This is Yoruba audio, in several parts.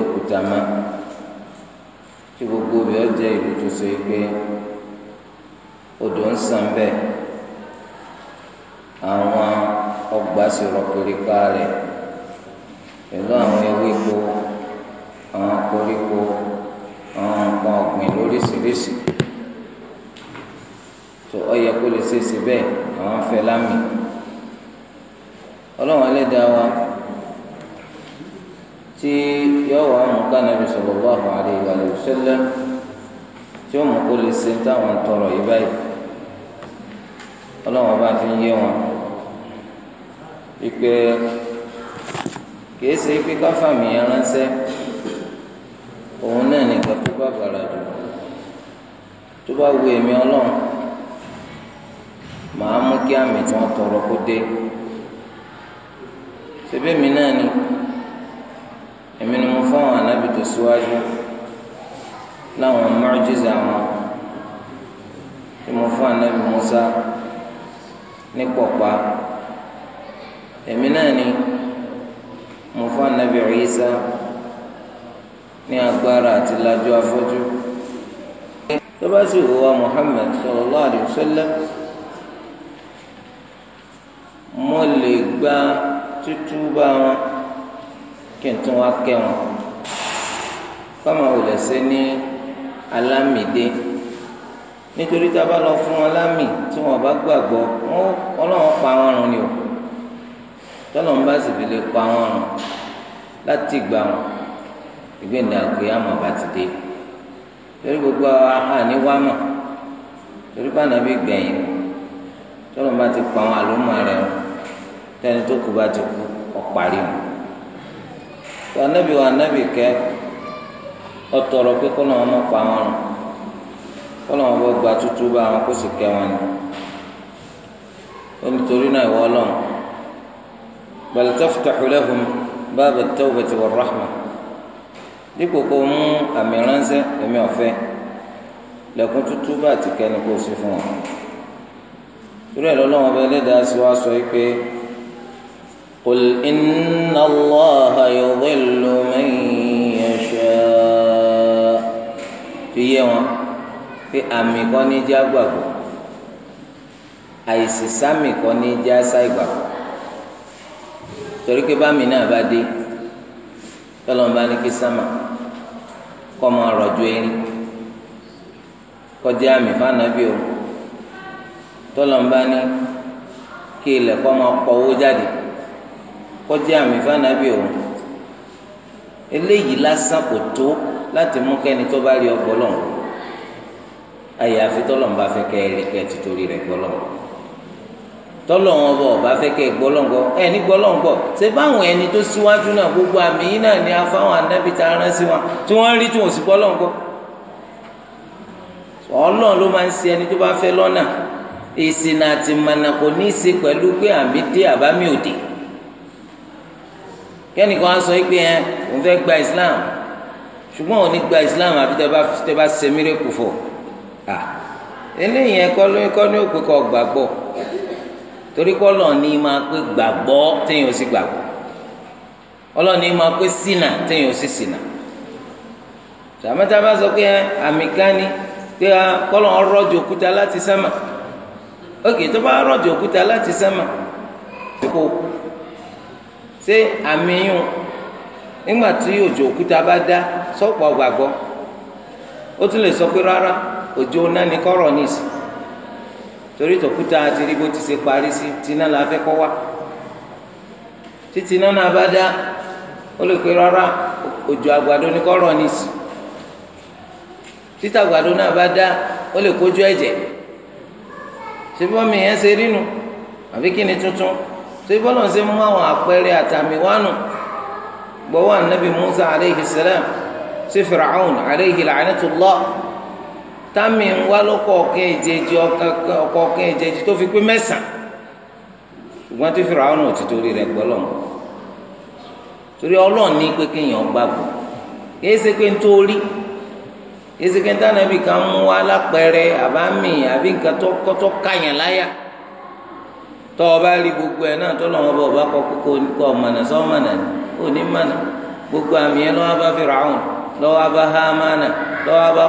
lókùtà má tí gbogbo rẹ̀ jẹ́ ìlú tó so pé odò ń sàn bẹ́ẹ̀ àwọn ọgbà sì rọkìlíkà rẹ̀ pẹ̀lú àwọn ewéko àwọn koríko àwọn nǹkan ọ̀gbìn lóríṣiríṣi tó ọyẹ kó lè ṣe é sí bẹ́ẹ̀ àwọn afẹ́ lámì ọlọ́run ẹlẹ́dàá wa tí yọ wà mú ká nàbì sallallahu alaihi wa sallam tí ó mú kó lè ṣe táwọn tọrọ yìí báyìí ọlọ́wọ́n bá fi ń yé wọn ìpè kìí ṣe pé káfàmì aránṣẹ́ òun náà nìkan tó bá bàrà jù tó bá wo èmi ọlọ́run màá mú kí àmì tí wọ́n tọrọ kó dé ṣebí mi náà ni èmi ni mo fún àwọn anábì tó síwájú láwọn mọ́jísà wọn tí mo fún anábì Musa ní pọ̀pá èmi náà ni mo fún anábì Isa ní agbára àti lajú afọ́jú tó bá sì wò wá Muhammad sallallahu alayhi mo lè gba tútú wọn kí n tún wá kẹ́ wọn fáwọn olùsẹ ní alámìdé nítorí tá a bá lọ fún wọn lámì tí wọn bá gbàgbọ́ wọn Ọlọ́run pa wọn rùn ni o tọlọ ń bá sì fi lè pa wọn rùn láti gbà wọn ìgbéǹda àgbéyàmọ bá ti dé torí gbogbo àní wá mọ torí bá nàbí gbẹ̀yìn tọlọ ń bá ti pa wọn àlómọ rẹ tẹni tó kú bá ti kú ọparí wọn anabi wa anabi kẹ ọtọrọ pé kọlọ wọn mọ pa wọn rùn kọlọ wọn bọ gba tutu bá wọn kó sì kẹ wọn ni onítorí náà ìwọ Ọlọ́run bal taftahu lahum baba at-tawbati war-rahma dípò kó mú àmì ránṣẹ́ èmi ọ̀fẹ́ lẹ́kùn tutu bá ti kẹ́ni kó o fún wọn torí ẹ̀ lọ́lọ́wọ́n bẹ́ẹ̀ lẹ́dàá sí wa sọ yìí pé. قل إن الله يضل من يشاء fi yé wọn fi àmì kan ní já gbàgbọ́ àìsí sámì kan ní já sáìgbàgbọ́ torí pé bámi náà bá dé tọ́lọ́mù bá ní kí sámà kọ́ máa rọ̀jò erin kọjá àmì fànàbí o tọ́lọ́mù bá ní kí ilẹ̀ kọ́ máa pọ̀ owó jáde kọjá àmì fanabi òun eléyìí lásán kò tó láti mú kẹ́ni tó bá rí ọgbọ́lọ́ àyàfi tọ́lọ̀ ń bá fẹ́ kẹ́ ẹ̀rí kẹ́ ti torí rẹ̀ gbọ́lọ́ tọ́lọ̀ wọn bọ̀ bá fẹ́ kẹ́ gbọ́lọ́ngbọ́ ẹ̀ ní gbọ́lọ́ngbọ́ ṣé báwọn ẹni tó síwájú náà gbogbo àmì yìí náà ni afáwọn anábì tá a rán sí wọn tí wọ́n rí tí wọ́n sì gbọ́lọ́ngbọ́ ọlọ́run ló máa ń ṣe ẹni tó bá fẹ́ lọ́nà ìsìn àti mànà kò ní í ṣe pẹ̀lú pé àmì dé àbámi òde kẹ́nìkan á sọ pé ẹ òun fẹ́ gba islam ṣùgbọ́n òun ní gba islam àfi tẹ́ bá ṣe mírèkù fò à eléyìí ẹ̀kọ́ ló kọ́ ní òpè kọ́ gbàgbọ́ torí kọ́ lọ́ọ̀ ní máa pé gbàgbọ́ téèyàn ó sì gbàgbọ́ ọlọ́ọ̀ni máa pé sínà téèyàn ó sì sínà sàmẹ́tà sọ pé àmì gani pé kọ́lọ̀ òkúta láti sẹ́mà tó bá òkúta láti sẹ́mà ṣé àmì yún nígbà tí òjò òkúta bá dá sọ́pọ̀ gbàgbọ́ ó tún lè sọ pé rárá òjò náà kọ́rọ̀ níìsì torí tòkúta àti rí bó parí sí tiná la fẹ́ kọ́ wá títí náà náà bá dá ó lè pe rárá òjò àgbàdo kọ́rọ̀ títà àgbàdo náà bá dá ó lè tó yí bọ́lọ̀ ṣe mú àwọn àpẹẹrẹ àtàmì wánu gbọ́wọ́ anabi musa aleyhi salam sí firaun aleyhi la'anatullah tami ń wá lọ́kọ̀ ọ̀kẹ́ ìjẹ́jì ọkọ̀ ọ̀kẹ́ ìjẹ́jì tó fi pé mẹ́sàn-án ṣùgbọ́n tí firaun ò ti torí rẹ̀ gbọ́ lọ́wọ́ torí ọlọ́run ní pé kéèyàn gbàgbọ́ kìí ṣe pé nítorí kìí ṣe pé nítorí ànábì kan mú wa lápẹẹrẹ àbámi àbí nǹkan tó kọ́tọ́ káyàn láyà. tọ́ ọ bá rí gbogbo ẹ̀ náà tọ́lọ́ wọn bọ̀ ọba kókó gbogbo àmì yẹn lọ́wọ́ bá Firaun lọ́wọ́ bá lọ́wọ́ bá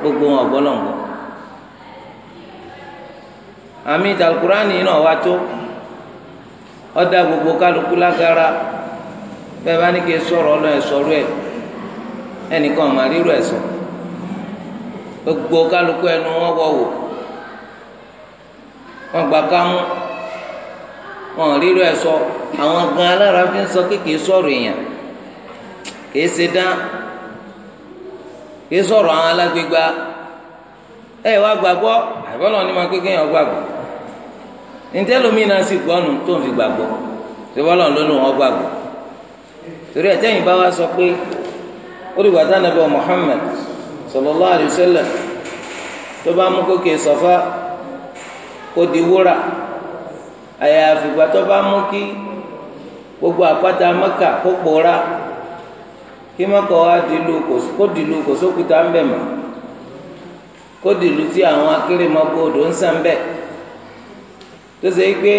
gbogbo wọn àmì náà wá gbogbo kálukú lágara bẹ́ẹ̀ bá ní kí sọ̀rọ̀ ọlọ́ ẹ̀ sọ̀rọ̀ ẹ̀ ẹnìkan wọn gba kámú wọn rírọ ẹ sọ àwọn gan alára fi ń sọ kékeré sọ̀rọ̀ èèyàn kìí ṣe dán kìí sọ̀rọ̀ àwọn alágbègbà ẹ wá gbàgbọ́ àbọ̀lọ́ ni máa kékeré yẹn gbàgbọ́ nítẹ́lómi náà sì gbọ́nu tó ń fi gbàgbọ́ ṣèbọ́lọ́ ló ló wọn gbàgbọ́ torí ẹ̀tẹ́yìn bá wá sọ pé ó rí wàtá nàbẹ́ Muhammad sallallahu alaihi wasallam tó bá mú kókè sọ̀fà kó di wúrà àyàfi ìgbà tó bá mú kí gbogbo àpáta mẹ́kà kó pòórá kí mẹ́kà wá dìlú kó dìlú kò sókúta ń bẹ̀ mọ́ kó dìlú tí àwọn akérèmọ́gbò odò ń sàn bẹ́ẹ̀ tó ṣe pé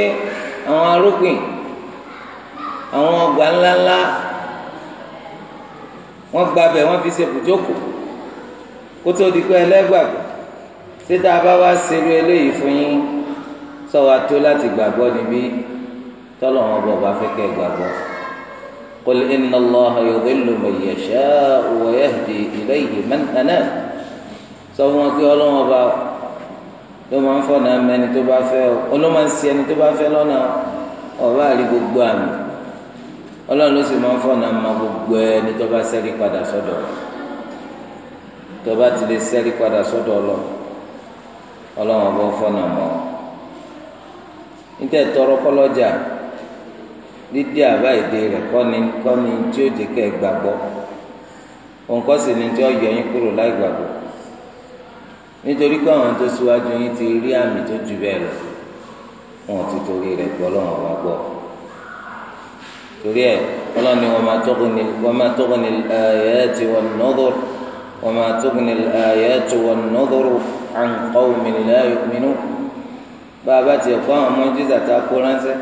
àwọn arúgbìn àwọn ọgbà ńláńlá wọ́n gbabẹ̀ wọ́n fi ṣe bùjókòó kó tó di pé ẹlẹ́gbàgbọ́ títà bá wá ṣerú eléyìí fún yín sọ wa tó láti gbàgbọ́ níbí tọ́lọ̀ wọn bọ̀ bá fẹ́ kẹ́ gbàgbọ́. قل إن الله يضل من يشاء ويهدي إليه من أناب sọ́wọ́n pé ọlọ́wọ́n bá ló máa ń fọ̀nà mẹ́ni tó bá fẹ́ ọ olóma ń si ẹni tó bá fẹ́ lọ́nà ọba àrí gbogbo àmì ọlọ́run ló sì máa ń fọ̀nà ma gbogbo ẹni tó bá sẹ́rí padà sọ́dọ̀ tó bá ti lè sẹ́rí padà sọ́dọ̀ ọlọ́ ọlọ́wọ́n bá fọ̀nà mọ́ ọ níta tọrọ kọlọjà dídí àbá èdè rẹ kọ́ni kọ́ni tí ó jẹ́ kẹ́ ẹ gbàgbọ́ òǹkọ́ sì ni tí ó yọ yín kúrò láì gbàgbọ́ nítorí pé àwọn tó síwájú yín ti rí àmì tó ju bẹ́ẹ̀ lọ wọn ti torí rẹ gbọ́ lọ́wọ́ wá gbọ́ torí ẹ ọlọ́ni wọn máa tókun ní wọn máa tókun ní ayati wan nudhur wọn máa tókun ní ayati wan nudhur an qawmin la yu'minun bá a bá tiẹ̀ kó àwọn mọ́jísà tá a kó ránṣẹ́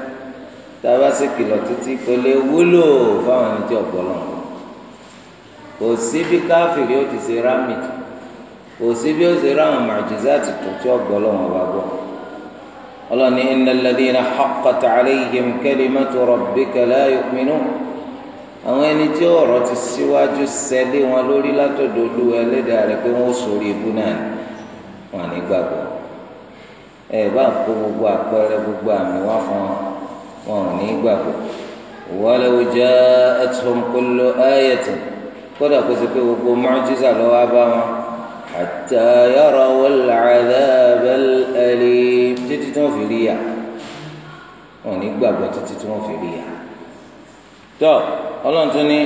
tá a bá sì kìlọ̀ títí kò lè wúlò fáwọn ẹni tí ọ̀pọ̀lọ̀ kò sí bí káfíìrì ó ti ṣe rámìd kò sí bí ó ṣe ráwọn mọ́jísà tó tí ọ̀pọ̀lọ̀ wọn bá gbọ́ ọlọ́ni innal ladhina haqqat alayhim kalimatu rabbika la yu'minun àwọn ẹni tí ọ̀rọ̀ ti síwájú sẹ́lé wọn lórí látọ̀dọ̀ olú ẹlẹ́dàá rẹ̀ pé wọ́n sòrí ẹ bá ń kó gbogbo àpẹẹrẹ gbogbo àmì wá fún wọn wọn ò ní gbàgbọ́ walaw ja'athum kullu ayatin kódà kó sì pé gbogbo mu'jiza lọ wá bá wọn hatta yarawul 'adhabal alim títí tí wọn fi rí yà wọn ò ní gbàgbọ́ títí tí wọn fi rí yà tó Ọlọ́run tún ní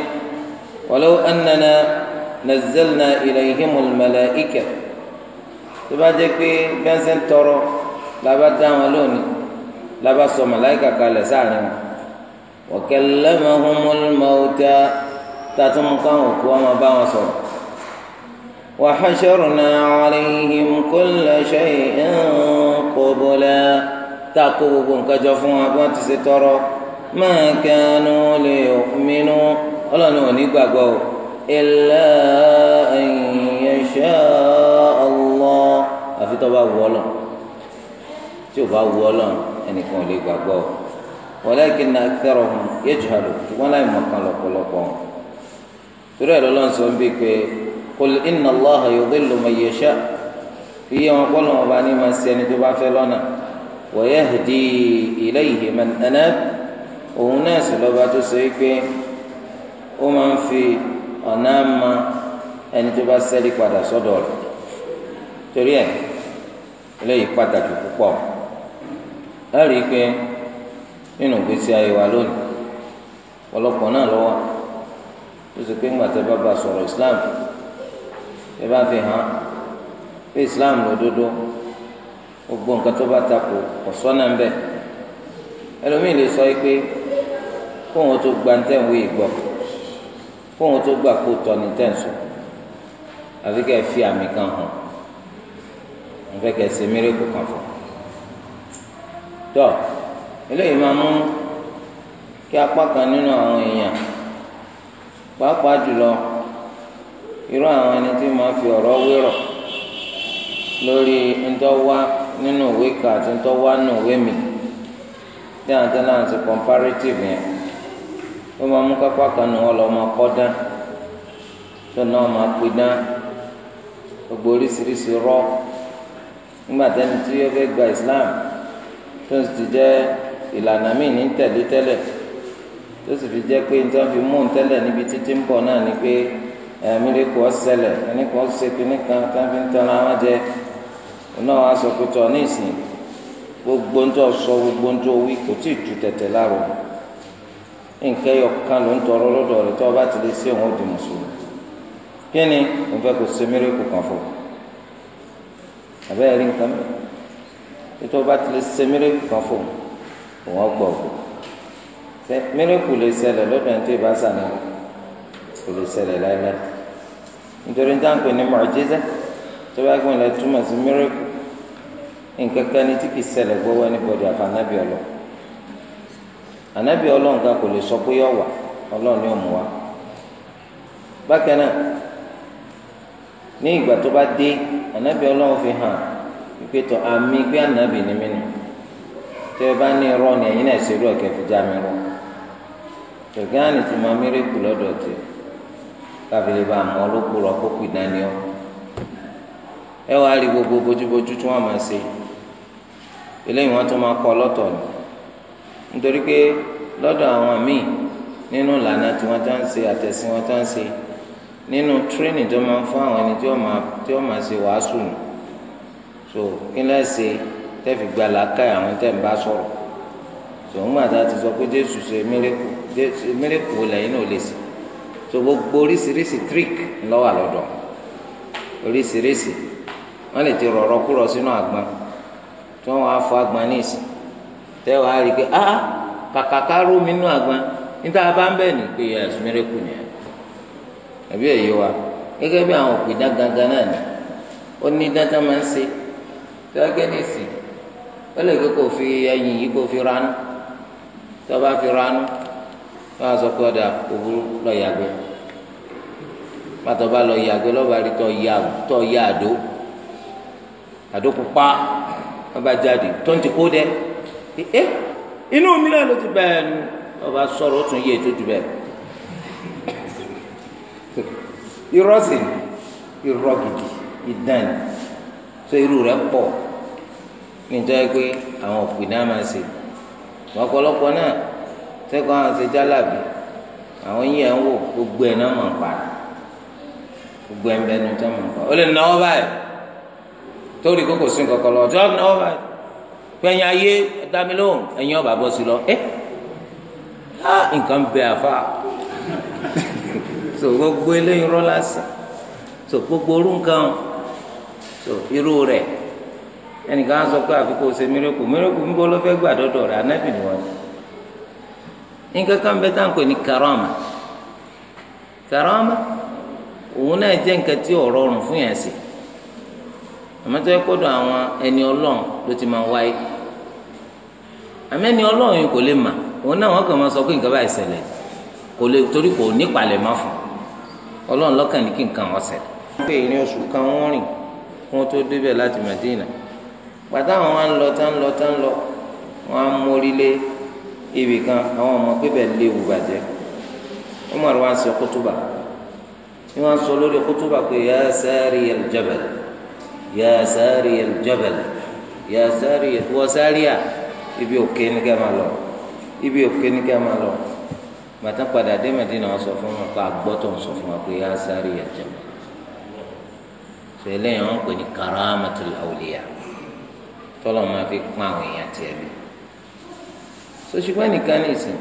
walaw annana nazzalna ilayhimul malaika tó bá jẹ́ pé bẹ́ńsẹ̀ ń tọrọ laba dá wọn lónìí laba sọ màláìka kalẹ̀ sáàrin wọn wa kallamahumul mauta tàtún káwọn òkú ọmọ bá wọn sọ̀rọ̀ wa hasharna alayhim kulla shay'in qubula tá a kó gbogbo nǹkan jọ fún wọn bí ti ṣe tọrọ ma kanu liyu'minu ọlọ́run ò ní gbàgbọ́ o illa an yasha Allah àfi bá wù ọ́ lọ́wọ́ tí o bá wu ọlọ́run ẹnìkan ò lè gbàgbọ́ ọ walakinna aktharuhum yajhalu ṣùgbọ́n láì mọ̀ kan lọ́pọ̀lọpọ̀ torí ẹ̀ lọ́lọ́run sọ ń bí pé qul inna Allaha yudillu man yasha fi yé wọn kọ́lọ́ wọn bá ní ma ṣe ẹni tó bá fẹ́ lọ́nà wa yahdi ilayhi man anab òun náà sì lọ́ba tó sọ pé ó máa ń fi ọ̀nà ma ẹni tó bá ṣẹ́rí padà sọ́dọ̀ rẹ̀ torí ẹ̀ eléyìí pàtàkì púpọ̀. ẹ ikpe i pé nínú ìgbésí ayé wa lónìí ọ̀pọ̀lọpọ̀ náà ló tó sì pé ńgbà Islam tẹ bá fi hàn pé Islam lódodo gbogbo nǹkan tó bá takò ọ̀sọ́nà ń bẹ̀ ẹlòmíì lè sọ pé kóun tó gba ń tẹ̀wé ìgbọ̀ kóun tó gbà kó tọ̀ ní àfi kẹ́ fi àmì kan hàn àfi kẹ́ tọ eléyìí máa mú kí apá kan nínú àwọn èèyàn pàápàá jùlọ irú àwọn ẹni tí máa fi ọ̀rọ̀ wérò lórí ntọ́wá nínú ìwé kan àti ntọ́wá nínú ìwé mi tí àwọn tẹ́lẹ̀ àti comparative yẹn ó máa mú kápá kan nù ọ́ lọ́ máa kọ́ tó náà máa pè gbogbo oríṣiríṣi rọ́ nígbà tẹ́ni tí gba Islam. tó sì ti ilana ìlànà míì ní tẹ̀lé tẹ́lẹ̀ tó fi jẹ́ pé nítorí fi mú tẹ́lẹ̀ níbi títí ń bọ̀ náà fi ń jẹ náà wàá sọ ní ìsìn gbogbo ń sọ gbogbo ń wí kò tí ì tu tẹ̀tẹ̀ láàrọ̀ kan ló ń tọrọ lọ́dọ̀ tó o bá ti lè sí òun ó di mùsùlùmí kí ni òun kan fún ètò ọba ti lè ṣe mírèkù kan fún un òun ọgbọ ọgbọ mírèkù lè ṣẹlẹ̀ lọ́dọ̀ ẹni tó ìbá sànà kò lè ṣẹlẹ̀ láéláé nítorí dáńpẹ ní mọ̀ọ́jísẹ́ tó bá gbọ́n lẹ túmọ̀ sí mírèkù nǹkan kan ní tí kì í ṣẹlẹ̀ gbọ́wọ́ anybody àfa anábì ọlọ anábì ọlọ nǹkan kò lè sọ pé yọ wà ni ó mú wa bákan náà ní ìgbà tó bá dé fi hàn ìpètò àmì pé ànábì ni mí tẹ ẹ bá ní ni ẹ̀yin náà ṣe irú ẹ̀kẹ́ fi já mi rọ ti máa mérè kù lọ́dọ̀ tẹ káfílẹ̀ bá àmọ́ olókù rọ kókù ìdání ọ ẹ wàá rí gbogbo bójúbójú tí wọ́n máa ṣe eléyìí wọ́n tún máa ni nítorí pé lọ́dọ̀ àwọn míì nínú ìlànà tí wọ́n tá ń ṣe àtẹ̀sìn wọ́n tá ń ṣe nínú tírénì so kí náà ṣe tẹ́fì gba làákàyè àwọn tẹ́ ń bá sọ̀rọ̀ so ńgbà tá a ti sọ pé jésù ṣe mírèkù jésù mírèkù lẹ́yìn náà lè ṣe so gbogbo oríṣiríṣi trick ńlọ́wà lọ́dọ̀ oríṣiríṣi wọ́n lè ti rọ̀rọ̀ kúrọ̀ sínú àgbọn tí wọ́n wá fọ àgbọn ní ìsìn tẹ́ wàá rí i pé ah kàkà ká rú mi nú àgbọn níta bá ń bẹ̀ ní pé yes mírèkù nìyẹn àbí èyí wa gẹ́gẹ́ bí àwọn òpìdá gangan náà ni ó ní dáńtá máa ń ṣe tí wọ́n gé ní ìsìn ó lè kó kó fi ẹyìn yìí kó fi ranú tí wọ́n bá fi ranú wọ́n á sọ pé ọ̀dà òwúrú lọ yàgbẹ́ pàtó bá lọ yàgbẹ́ lọ́ba rí tọ́ ya tọ́ ya àdó àdó pupa wọ́n bá jáde tó ń ti kó dẹ́ ẹ eh, inú mi náà ló ti bẹ̀rẹ̀ nu ọba sọ̀rọ̀ ó tún yé ètò jù bẹ́ẹ̀ irọ́ sì irọ́ gidi ìdán ni tó irú rẹ̀ pọ̀ nítorí pé àwọn òpin náà máa ṣe ọ̀pọ̀lọpọ̀ náà sẹ́kọ̀ọ́ àwọn ṣe jálàbí àwọn yìí ẹ̀ ń wò gbogbo ẹ̀ náà máa ń pa gbogbo ẹ̀ ń bẹ́ẹ̀ ní tó máa ń pa ó lè náwó báyìí torí kókò sí nǹkan kan lọ ọjọ́ náwó báyìí pẹ̀yìn ayé ẹ̀dá mi lóhùn ẹ̀yìn ọ̀bà bọ́ sí lọ ẹ́ eh? nǹkan bẹ àfa so gbogbo eléyìí rọ́ lásán so gbogbo orú nǹkan. so irú rẹ̀ ẹnìkan sọ pé àfikún ṣe mírèkù mírèkù ńgbọ́ ló fẹ́ gbà dọ́dọ̀ rẹ̀ anábì ni wọ́n nǹkan kan bẹ́ẹ̀ tá à ń pè ní karama karama òun náà jẹ́ nǹkan tí fún yẹn sí àwọn ẹni ló ti máa wáyé àmọ́ ẹni yìí kò lè mà òun náà kàn máa sọ pé nǹkan báyìí kò lè torí kò fún ní kí nǹkan oṣù kan wọ́n rìn wọn tó débẹ̀ láti Madina gbàtà àwọn wa ń lọ tá ń lọ tá ń lọ wọn á mórí lé ibì kan àwọn ọmọ pébẹ̀ léwu bàjẹ́ Umar wa ń sọ kútúbà ni wọn sọ lórí kútúbà pé yà á sáré yẹn jabal yà á sáré yẹn jabal yà á sáré yẹn wọ sáré à ibi òkè ni ká máa lọ ibi òkè ni ká máa lọ gbàtà padà dé Madina wọn sọ fún wọn pé àgbọ̀tọ̀ ń sọ fún wọn pé yà á sáré yẹn jabal sọ eléyìí wọn pè ní karamatul awliya tọ́lọ̀ máa fi pọ́n àwọn èèyàn tiẹ̀ lé so ṣùgbọ́n nìkan ní ìsìn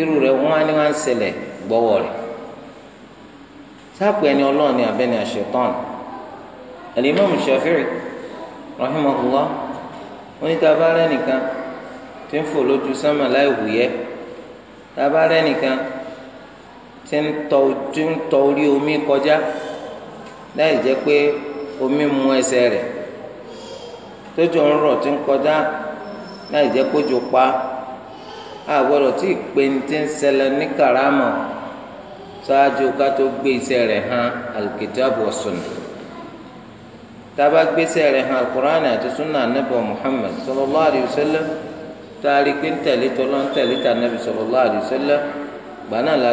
irú rẹ̀ wọ́n á ní wọ́n á ń ṣẹlẹ̀ gbọ́wọ́ rẹ̀ sáàpù ẹni ọlọ́run ní abẹ́ni àṣetán alimami shafi'i rahimahullah onítàbárẹ́ nìkan tí ń fò lójú sánmà láì wùyẹ́ tàbárẹ́ nìkan tí ń tọ orí omi kọjá. láì jẹ́ pé omi mu ẹsẹ̀ rẹ̀ tójú ń rọ̀ tí ń kọjá láì jẹ́ kójú pa àgbọ̀dọ̀ tí ti ń ṣẹlẹ̀ ní karama ṣáájú ká tó gbé iṣẹ́ rẹ̀ hàn al-kitab hàn al àti sunnah muhammed sallallahu alayhi wa pé tà sallallahu gbaná la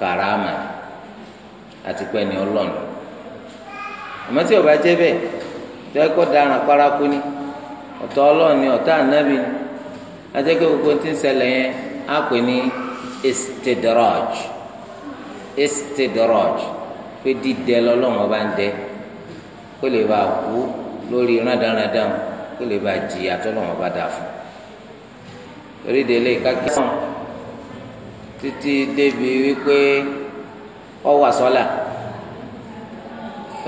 karama. àti pé ẹni ọlọ́run àmọ́ tí ó jẹ́ bẹ́ẹ̀ tó ẹ kọ́ daràn paraku ni ọ̀tá ọlọ́run ni ànábì ni ajẹ́kẹ́ gbogbo tí ń ṣẹlẹ̀ yẹn á pè ní istidraj istidraj pé dídẹ lọ́lọ́run ọba ń dẹ kó lè bá kú lórí rádaràdà kó lè bá jìyà ọwà sọlá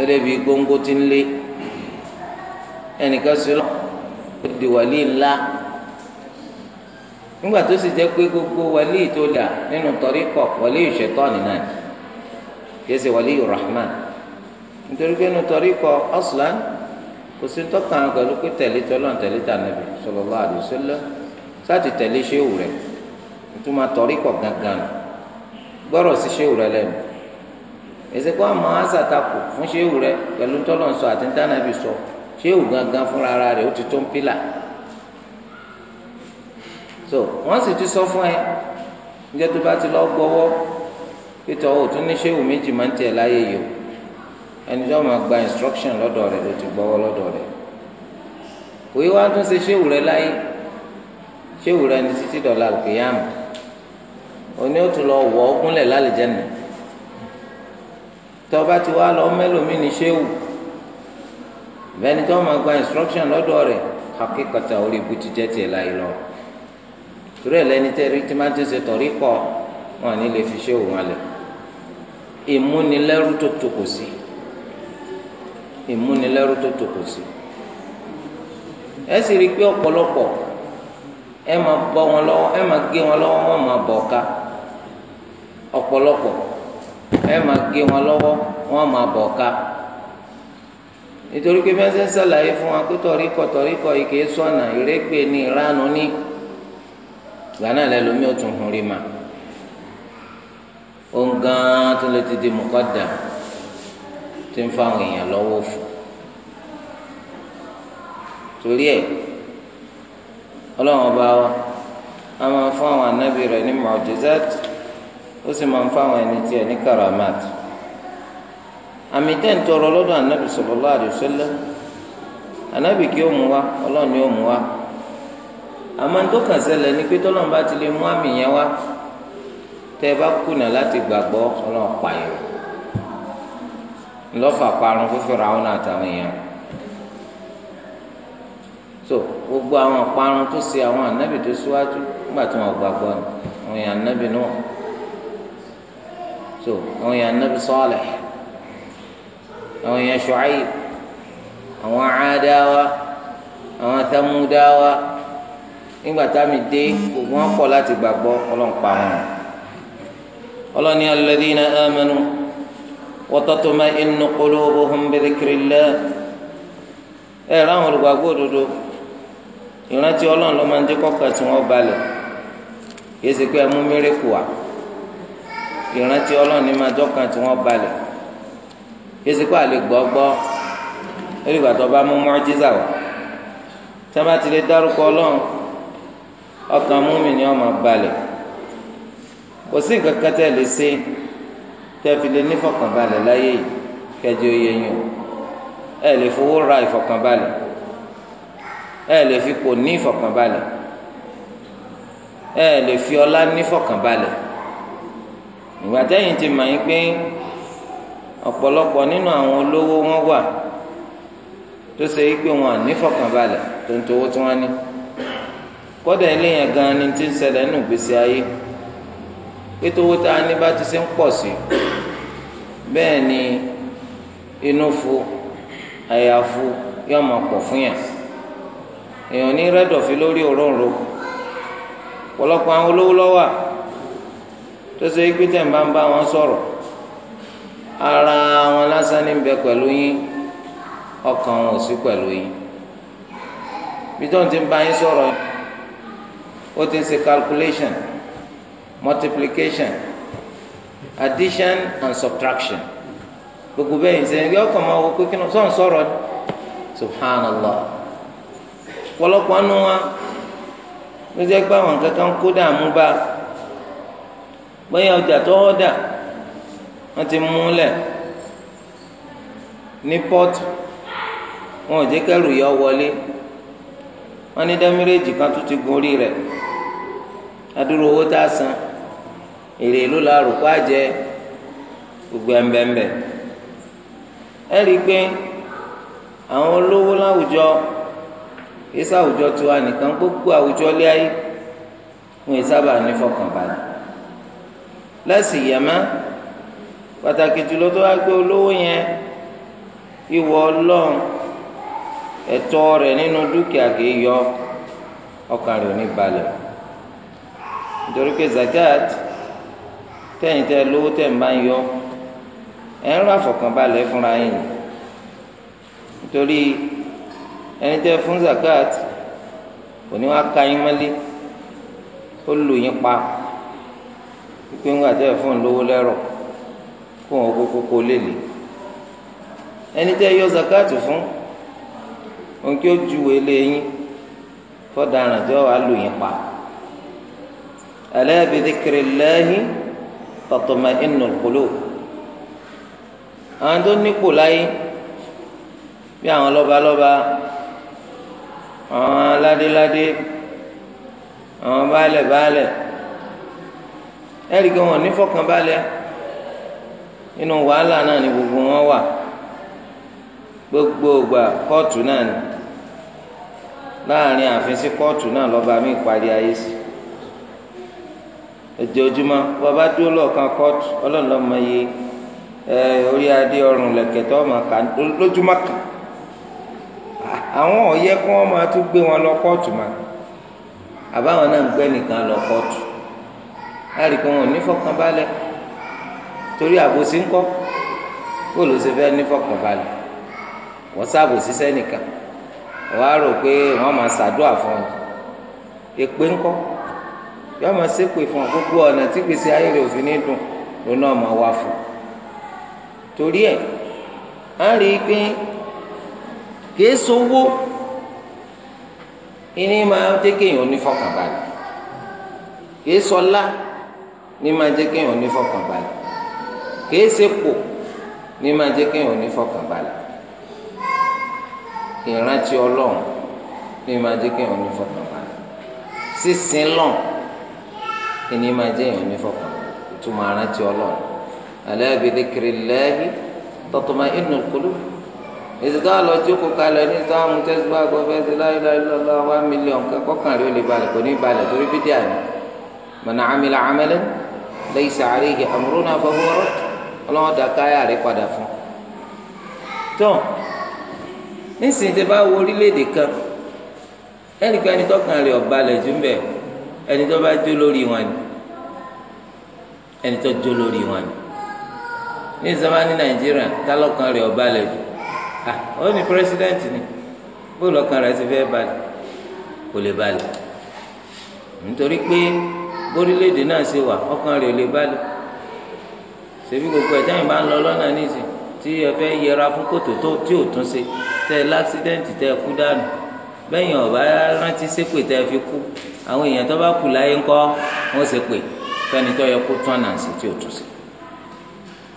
ẹlẹbi gbóngbó ti ń lé ẹnìkan sí lọ di wàlí ńlá nígbà tó sì jẹ pé gbogbo wàlí tó dà nínú tọrí kọ wàlí ṣẹtọọnì náà kìí wàlí rahman nítorí pé nínú tọrí kọ ọsùlán kò sí tọkàn pẹ̀lú pé tẹ̀lé tọlọ tẹ̀lé tànàbì sallallahu alaihi wasallam sáàtì tẹ̀lé ṣéwù rẹ ìtumọ̀ tọrí kọ gangan gbọ́rọ̀ sí ṣéwù rẹ lẹ́nu èsì kó àmọ́ àṣàtakò fún ṣéwù rẹ pẹ̀lú tọ́lọ̀ sọ àti ntànàbì sọ ṣéwù gangan fúnra ara rẹ ó ti tó ń pílà so wọ́n sì ti sọ fún ẹ níjẹ́ tó bá ti lọ gbọ́wọ́ pété ọ̀hún tún ní ṣéwù méjì máa ń tiẹ̀ láyé yìí o ẹni tó máa gba instruction lọ́dọ̀ rẹ ló ti gbọ́wọ́ lọ́dọ̀ rẹ kò yí wá tún ṣe ṣéwù rẹ láyé ṣéwù rẹ ní títí dọ̀là òkè yá mi òní ó tún lọ wọ̀ ọ́ gúnlẹ̀ lálẹ́ tọ́ bá ti wá lọ mẹ́lòmíì ní ṣéwù bẹ́ẹ̀ni gba instruction lọ́dọ̀ rẹ̀ orí jẹ́ tiẹ̀ lọ. torí ẹ̀ tí máa tọ̀rí kọ wọn ní lè fi ṣéwù wọn lẹ̀. ìmúnilẹ́rú tó tó kò sí ìmúnilẹ́rú tó tó kò sí. ẹ sì rí i pé ọ̀pọ̀lọpọ̀ ẹ máa bọ́ wọn lọ́wọ́ ẹ máa gé wọn lọ́wọ́ wọn máa ẹ máa gé wọn lọ́wọ́ wọn máa bọ̀ ká nítorí pé mẹsẹ sàlàyé fún wa ike sọnà ìrẹgbẹ ní ìranu ní ìgbà náà lẹ hùn rí ma ó ń gan tó lè ti di mọkọdà tí ń fáwọn èèyàn lọ́wọ́ fún torí ẹ ọlọ́run ọba wa a máa fún àwọn ó sì máa ń fáwọn ẹni tiẹ̀ ní karamat àmì tẹ́ ń lọ́dọ̀ anabi sallallahu alaihi wasallam anabi kí ó mú wa ọlọ́run ni ó mú wa àmọ́ tó kàn ṣẹlẹ̀ ni pé tọ́lọ́run bá ti lè mú àmì yẹn wá tẹ́ ẹ bá kùnà láti gbàgbọ́ ọlọ́run pààyàn ńlọ́fà parun fífẹ́ ra ọ́nà àtàwọn èèyàn so gbogbo àwọn parun tó ṣe àwọn anabi tó síwájú nígbà tí wọn gbàgbọ́ ni àwọn èèyàn anabi náà so àwọn èèyàn anabi sọ́ọ̀lẹ̀ àwọn èèyàn Shu'aib àwọn àádáwa àwọn Thamudawa nígbà táwọn dé gbogbo wọn kọ̀ láti gbàgbọ́ ọlọ́ǹpa wọn ọlọ́ni alladhina amanu wa tatma'innu qulubuhum bi dhikrillah ẹ̀ ráwọn olùgbàgbọ́ òdodo ìrántí ọlọ́run ló máa ń jẹ́ kọ́kàn tí wọ́n balẹ̀ kí pé ẹ mú mírèkù wá ìrántí ọlọ́run ní máa jọ́kan tí wọ́n balẹ̀ yéésì kó àlè gbọ́ gbọ́ erégbà tó bá mú mọ́jísà wá tí wọ́n bá ti lè dárúkọ ọlọ́run ọkàn múmi ni wọ́n máa balẹ̀ kò sí nǹkan kan tẹ́ lè ṣe tẹ́ fi lè nífọ̀kànbalẹ̀ láyé yìí kẹjọ yẹ yín o ẹ lè fowó ra ìfọ̀kànbalẹ̀ ẹ lè fi kò ní ìfọ̀kànbalẹ̀ ẹ lè fi ọlá ní ìfọ̀kànbalẹ̀ ìgbà tẹ́yìn ti mọ̀ yín pé ọ̀pọ̀lọpọ̀ nínú àwọn olówó wọn wà tó ṣe pé wọn à nífọ̀kànbalẹ̀ tó ń towó tí wọ́n ní kódà ilé yẹn gan ni ti ń ṣẹlẹ̀ nínú ìgbésí ayé pé tówó tá a ní bá ti ṣe ń pọ̀ sí bẹ́ẹ̀ ni inú fu àyà fu yóò máa pọ̀ fún yàn èèyàn ní rẹ́dọ̀fí lórí òróǹro ọ̀pọ̀lọpọ̀ àwọn olówó lọ́wọ́ à tó ṣe pé tẹ̀ ń bá ń bá wọn sọ̀rọ̀ ara wọn lásán ní bẹ pẹ̀lú yín ọkàn wọn ò sí pẹ̀lú yín bí tó ń bá yín sọ̀rọ̀ ó ti ń ṣe calculation multiplication addition and subtraction gbogbo bẹ́ẹ̀ ṣe ẹgbẹ́ ọkàn máa wọ pé kí ni sọ́n sọ̀rọ̀ subhanallah ọ̀pọ̀lọpọ̀ nù wa ló jẹ́ pé àwọn kankan kó dààmú bá a. bóyá ọjà tó ọ̀dà wọ́n ti mú lẹ̀ ní pọ́ọ̀tù wọn ò jẹ́ kẹ́rù yọ wọlé wọ́n ní dẹ́mírèjì kan tó ti gorí rẹ̀ adúrò owó tá a san èrè ló la rò jẹ gbogbo ẹ̀ńbẹ̀ńbẹ̀ ẹ rí i pé àwọn olówó láwùjọ lẹ́sìn yẹmẹ́ pàtàkì jùlọ tó wá gbé olówó yẹn ìwọ ọlọ́run ẹ̀tọ́ rẹ̀ nínú dúkìá kì í yọ ọkàn rẹ̀ nítorí pé zakat tẹ̀yìn tẹ́ lówó tẹ̀ ń bá ń yọ ẹ̀ ń rọ àfọ̀kànbalẹ̀ fúnra fún zakat òní wá ka yín pa. pípé ńgbà tẹ́ ẹ̀ fún lówó lẹ́rọ̀ kó wọn kókó kó lélẹ̀ ẹni tẹ́ yọ zakati fún òun kí ó juwe léyìn fọdàràn tí wọ́n wá lù yín pa ala bi dhikrillahi tatma'innul qulub àwọn tó nípò láyé bí àwọn lọ́balọ́ba àwọn aládéládé àwọn baálẹ̀ baálẹ̀. ẹ̀rí gan wọn nífọ̀kànbalẹ̀ nínú wàhálà náà ni gbogbo wọn wà gbogbo ògbà kóòtù náà ni láàrin ààfin sí kóòtù náà lọba mi parí ayé sí ojoojúmọ́ bàbá dúró lọ́ọ̀kan kóòtù ọlọ́run lọ́mọ yìí ẹ orí adé ọrùn lẹ̀kẹ̀tọ́ ọmọ kan kan àwọn máa tún gbé wọn lọ kóòtù àbáwọn náà ń nìkan lọ kóòtù. láàrin kan wọn ò ní fọkànbalẹ̀ torí àbòsí ńkọ́ kó ló ṣe fẹ́ ní fọkànbalẹ̀ wọ́n sábòsí sẹ́nìkan wọ́n á rò pé wọ́n máa ṣàdúrà fún ọ èpè ńkọ́ yọ máa ṣépè fún ọ gbogbo ọ̀nà tí gbèsè ayé rẹ̀ òfin ní dùn ló náà máa wá fún torí ẹ̀ á rí i pé kìí sowó ìní máa ń tẹ́kẹ̀yìn onífọkànbalẹ̀ kìí sọlá. So ní máa jẹ́ kéèyàn ní fọkànbalẹ̀ kìí ṣe pò ní máa jẹ́ kéèyàn ní fọkànbalẹ̀ ìrántí ọlọ́run ní máa jẹ́ kéèyàn ní fọkànbalẹ̀ sísìn lọ́n ní máa jẹ́ kéèyàn ní fọkànbalẹ̀ ìtumọ̀ ìrántí ọlọ́run ala bi dhikrillahi tatma'innul qulub èsìtò àlọ́tí kò kalẹ̀ ní ìtọ́ àwọn tẹ́síbá gbọ́fẹ́sì láìláìlọ́lá one million kọ́kànlélẹ́balẹ̀ kò ní balẹ̀ torí bídíà ni man amila amalan laysa alayhi amruna fahuwa radd ọlọ́wọ́n da káyà rẹ̀ padà fún. tó nísìnyí tẹ bá wo orílẹ̀-èdè kan ẹnìkan ẹni tọkàn rẹ̀ ọ̀ba lẹ̀ jù ń bẹ̀ ẹni tó bá jó lórí wọn ni ẹni tó jó lórí wọn ni ní ìsọmọ ní nàìjíríà tálọ́kàn rẹ̀ ọba lẹ̀ jù ah ó ní pírẹsidẹ́ǹtì ni bó lọ́kàn rẹ̀ ti fẹ́ balẹ̀ kò lè balẹ̀ nítorí pé bórílẹ̀èdè náà ṣe wà ọkàn rẹ̀ lè balẹ̀ ṣèbí gbogbo ẹ̀ tẹ́yìn bá ń lọ lọ́nà nísìnyí tí ẹ fẹ́ yẹra fún kòtò tó tí ò tún ṣe tẹ láksidẹ́ǹtì tẹ kú dànù bẹ́yìn ọ̀bá rántí ṣépè tẹ fi kú àwọn èèyàn tó bá kù láyé ńkọ́ wọ́n ṣe pè fẹ́ni tó yẹ kó tán náà sí tí ò tún ṣe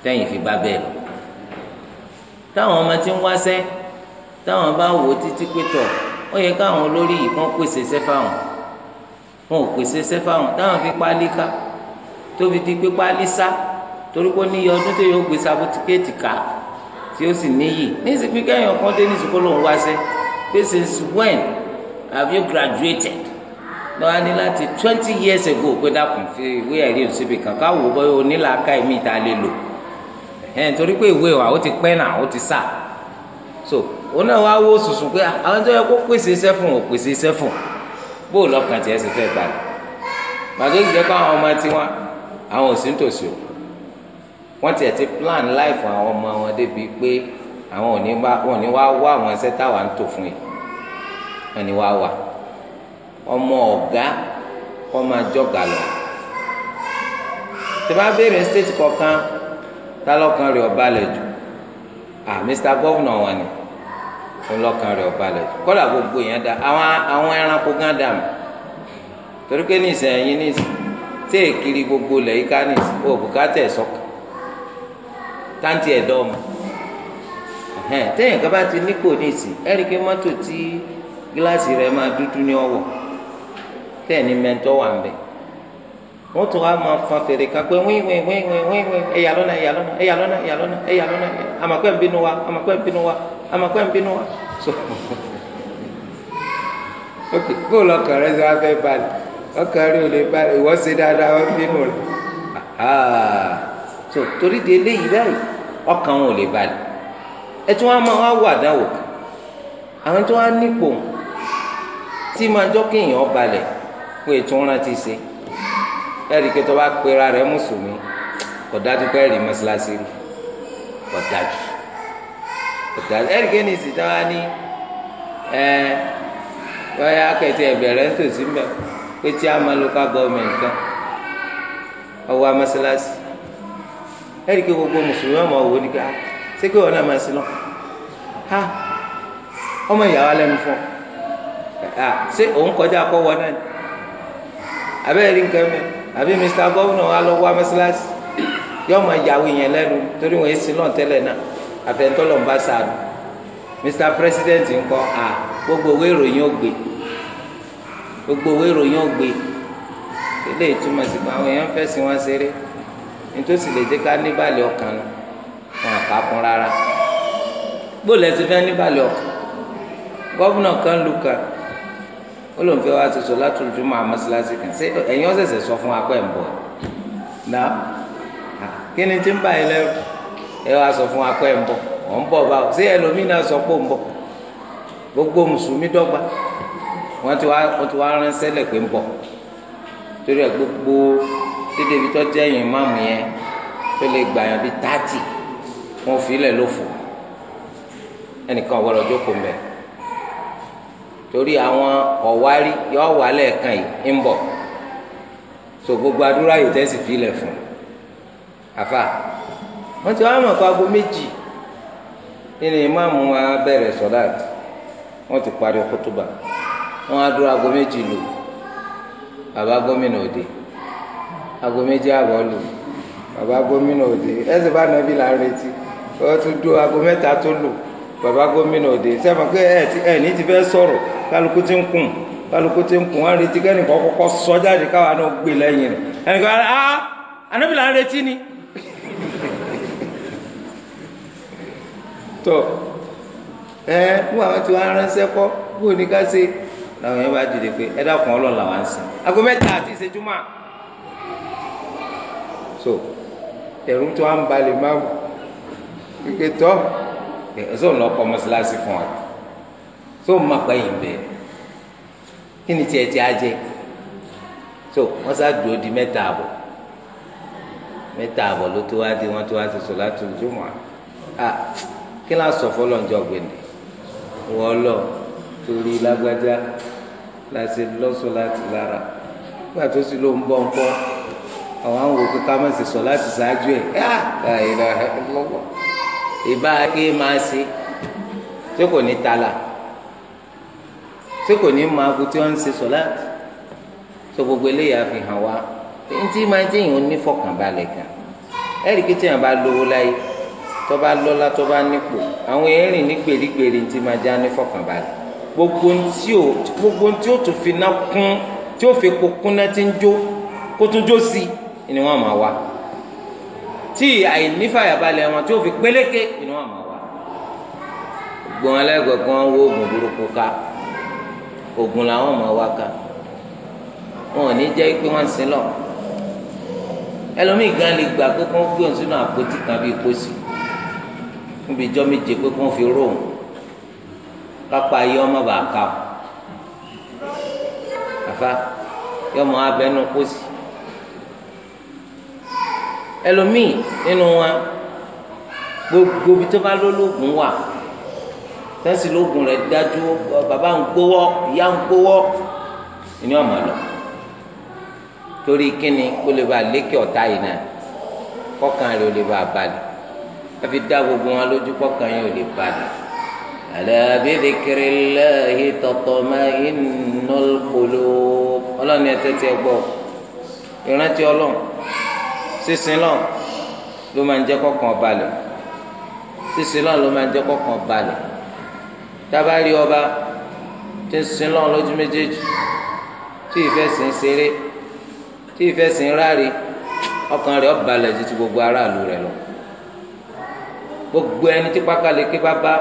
tẹ́yìn fi bá bẹ́ẹ̀ lọ. táwọn ọmọ tí ń wáṣẹ́ táwọn bá wò ó títí pé tọ̀ ó yẹ káwọn olórí yìí kán pèsè iṣẹ́ fáwọn wọn ò pèsè iṣẹ́ táwọn fi páálí ká tó di pé páálí sá torí pé níyọ ọdún tó yóò gbé sabotikéètì ká tí ó sì níyì ní ìsìnkú kẹ́yìn ọkàn dé ní ìsìnkú lòún wá pé since when have you graduated lọ́wọ́ á ní láti twenty years ago pé dákun fi ìwé ẹ̀rí òsibì kan káwọ́ bọ́yọ̀ onílàáká ẹ̀mí ìta lè lò ẹ̀hìn torí pé ìwé wa ó ti pẹ́ náà ó ti sà so òun náà wá wó sùsù pé ah, àwọn tó yẹ kó pèsè iṣẹ́ fún ò pèsè iṣẹ́ fún ò bó lọ́kàn tiẹ̀ sì fẹ́ balẹ̀ màdó sì jẹ́ pé àwọn ọmọ tiwọn àwọn òsì ń tòsí o wọ́n tiẹ̀ ti plan life àwọn ọmọ wọn débi pé àwọn òní wá òní wá wá àwọn ẹsẹ̀ táwa ń tò fún yìí wọ́n ní wá wà ọmọ ọ̀gá kọ́ máa jọ̀gà lọ tí bá béèrè state kọ̀ọ̀kan tálọ́kan rẹ̀ ọ̀balẹ̀ jù ah Mr. Governor wọn ni. ńlọkàn rẹ̀ ọba lẹ̀ kọ́lá gbogbo yẹn da àwọn àwọn ẹranko gán dà mọ́ torí pé nísìnyí ẹ̀yin kiri gbogbo lẹ̀ yìí ká O ó bùkátà ẹ̀ sọ́kàn táǹtì ẹ̀dọ́ ọmọ tẹ́yìn kan bá ti nípò nísìnyí ẹ̀ríkì mọ́tò tí gíláàsì rẹ̀ máa dúdú ní ọwọ́ tẹ́ẹ̀ ní mẹ́ńtọ́ wà ń bẹ̀ẹ́ wọ́n tún wá máa fọn fèrè kan pé wín wín wín eyalona eyalona wín ẹ̀yà lọ́nà ẹ̀yà lọ́nà wa so ok bó lọkàn sọ afẹ́ balẹ̀ ọkàn rẹ ò lè dáadáa ah, so torí dee eléyìí ọkàn wọn àwọn tí kéèyàn ètò wọn ti ẹ̀rí kí tó bá pera rẹ̀ mùsùlùmí kò dájú pé ẹ̀rí mọ́ṣáláṣí rí kò dájú kò dájú ẹ̀rí kí ni ìsìn tí wọ́n á ní ẹ̀ lọ́yà akẹ́tẹ̀ ẹ̀bẹ̀rẹ̀ ń tòsí mbẹ́ pé tí a máa local government kan ọwọ́ a mọ́ṣáláṣí ẹ̀rí kí gbogbo mùsùlùmí ọmọ òwò ni ká ṣé kí wọn náà máa sin lọ ha ah, ọmọ ìyàwó alẹ́ mi fún ọ ah, ṣé òun kọjá akọ́wọ́ náà abẹ́rẹ́ rí nǹkan mẹ́rin àbí mr gọ́vùnà wa lọ wá mọ́sálásí yóò máa yàwó yẹn lẹ́nu torí wọn èsì náà tẹ́lẹ̀ náà àfẹ́ntọ́lọ̀ ń bá sàánù mr president ń kọ́ à gbogbo owó ìròyìn ó gbé gbogbo owó ìròyìn ó gbé ilé ìtumọ̀ sí pé àwọn èèyàn fẹ̀sìn wọn ṣeré nítòsí lè jẹ́ ká níbàlẹ̀ ọkàn nù wọn àká kún rárá gbọ́dọ̀ lẹ́sìn fẹ́ níbàlẹ̀ ọkàn gọ́vùnà kan lù kàn ó lóun fẹ́ wá ti sọ látòlù tó máa mọ́sálásí kan ṣé ẹ̀yin ọ̀sẹ̀sẹ̀ sọ fún apẹ́ ń bọ̀ ná kí ni tí ń bá yín lẹ́rù ẹ wá sọ fún apẹ́ ń bọ̀ ọ̀ ń bọ̀ báwo ṣé ẹlòmíì náà sọ pé ń bọ̀ gbogbo mùsùlùmí dọ́gba wọ́n ti wá wọ́n ti wá ránṣẹ́ lẹ̀ pé ń bọ̀ torí ẹ̀ gbogbo dédé ibi tó jẹ́ yìí máàmù yẹn tó lè gbàyàn bíi tààtì wọ́n fi ilẹ̀ lófo ẹnìkan ọ̀wọ́lọ́jọ́ kò ń torí àwọn ọ̀wárí yọ wà lẹ́ẹ̀kan yìí ń bọ̀ so gbogbo àdúrà yìí tẹ́sí filẹ̀ fún àfà wọ́n ti wá mọ̀ kó aago méjì nínú ìmáàmù wa bẹ̀rẹ̀ sọ́láàtì wọ́n ti parí kútúbà wọ́n á dúró aago méjì lù bàbá gómìnà òde aago méjì àbọ̀ lù bàbá gómìnà òde ẹ̀sìn bá nàbí là ń retí wọ́n tún dúró aago mẹ́ta tó lù bàbá gómìnà òde sẹ́mi pé ẹ ní ti fẹ́ sọ̀rọ̀ kálukú ti ń kùn kálukú ti ń kùn wọn retí kẹ́nìkan kọ́kọ́ sọ jáde káwa náà gbé lẹ́yìn rẹ̀ ẹnìkan á anábìlà ń retí ni. tọ ẹ fún àwọn tí wọn aránṣẹ́ kọ bó ní ká ṣe làwọn yẹn bá dìde pé ẹ dákun Ọlọ́run làwọn ń sìn àgọ́ mẹ́ta àti ìṣèjúmọ. so ẹrú tí wọn ń balẹ̀ máa wù kíkẹ́ tọ́ pé ẹ̀sọ́ ń lọ kọ́ mọ́ṣáláṣí fún wa tó ń mọ̀ pé yìí ń bẹ̀ kí ni tiẹ̀ tiẹ̀ á jẹ́ tó wọ́n sá dúró di mẹ́ta àbọ̀ mẹ́ta àbọ̀ ló tó wá di wọ́n tó wá ti sọ láti ojú mọ́ a kí ló ń sọ fọlọ́ ń jọ gbẹ̀ndẹ̀ wọ́n lọ torí lágbájá láti lọ́sọ̀ láti lára nígbà tó sì ló ń bọ̀ ń kọ́ àwọn àwọn òkú ká mọ̀ sí sọ láti ṣáájú ẹ̀ ẹ́ àìlà ẹ̀ lọ́wọ́ ìbá ké máa se tí kò ní tala tí kò ní máa kú tí wọ́n ń ṣe sọ̀lá tó gbogbo eléyà fi hàn wá ntí máa jẹ́yìn onífọ̀kànbalẹ̀ kan ẹ̀rí kí téèyàn bá lówó láyé tó bá lọ́lá tó bá nípò àwọn erin ní gbèrígbèrí ntí máa já nífọ̀kànbalẹ̀ gbogbo ntí o gbogbo ntí o tó fi ná kún tí o fi kó kúnná tí ń jó kó tún jó sí ni wọ́n máa wá tí àìnífàyàbalẹ̀ wọn tí ó fi pélékè inú wọn máa wà. gbọ́n aláìgbọ̀gbọ́n wo oògùn burúkú ká oògùn làwọn máa wá ká wọn ò ní jẹ́ pé wọ́n ń sin lọ. ẹlòmíì gan lè gbà pé kó ń gbé òun sínú àpótí kan bíi pósí níbi ìjọ méje pé kó ń fi róòmù kápá ayé ọmọ bàá ká o àfa yọmọ abẹnú pósí ẹlòmíì nínú wa gbogbo bí tó bá lólógùn wà tẹ́sí lógùn rẹ̀ dájú bàbá ń gbówọ́ ìyá ń gbówọ́ ìní ọ̀mà lọ torí kíni kó lè ba lékè ọ̀tá yìí náà kọ́kàn rẹ̀ ò lè ba balẹ̀ káfi dá gbogbo wọn lójú kọ́kàn yìí ò lè balẹ̀ ala bi dhikrillahi tatma'innul qulub ọlọ́ni ẹ̀ tẹ́tí gbọ́ ìrántí ọlọ́run sísin lọ ló máa ń jẹ́ kọ́kàn balẹ̀ sísin lọ ló máa ń jẹ́ kọ́kàn balẹ̀ tábàárí ọba tí ń sin lọ lójú méjèèjì tí ìfẹ́ sì ń ṣeré tí ìfẹ́ sì ń ráre ọkàn rẹ̀ ọ̀balẹ̀ ju ti gbogbo aráàlú rẹ̀ lọ gbogbo ẹni tí pákàleke bá bá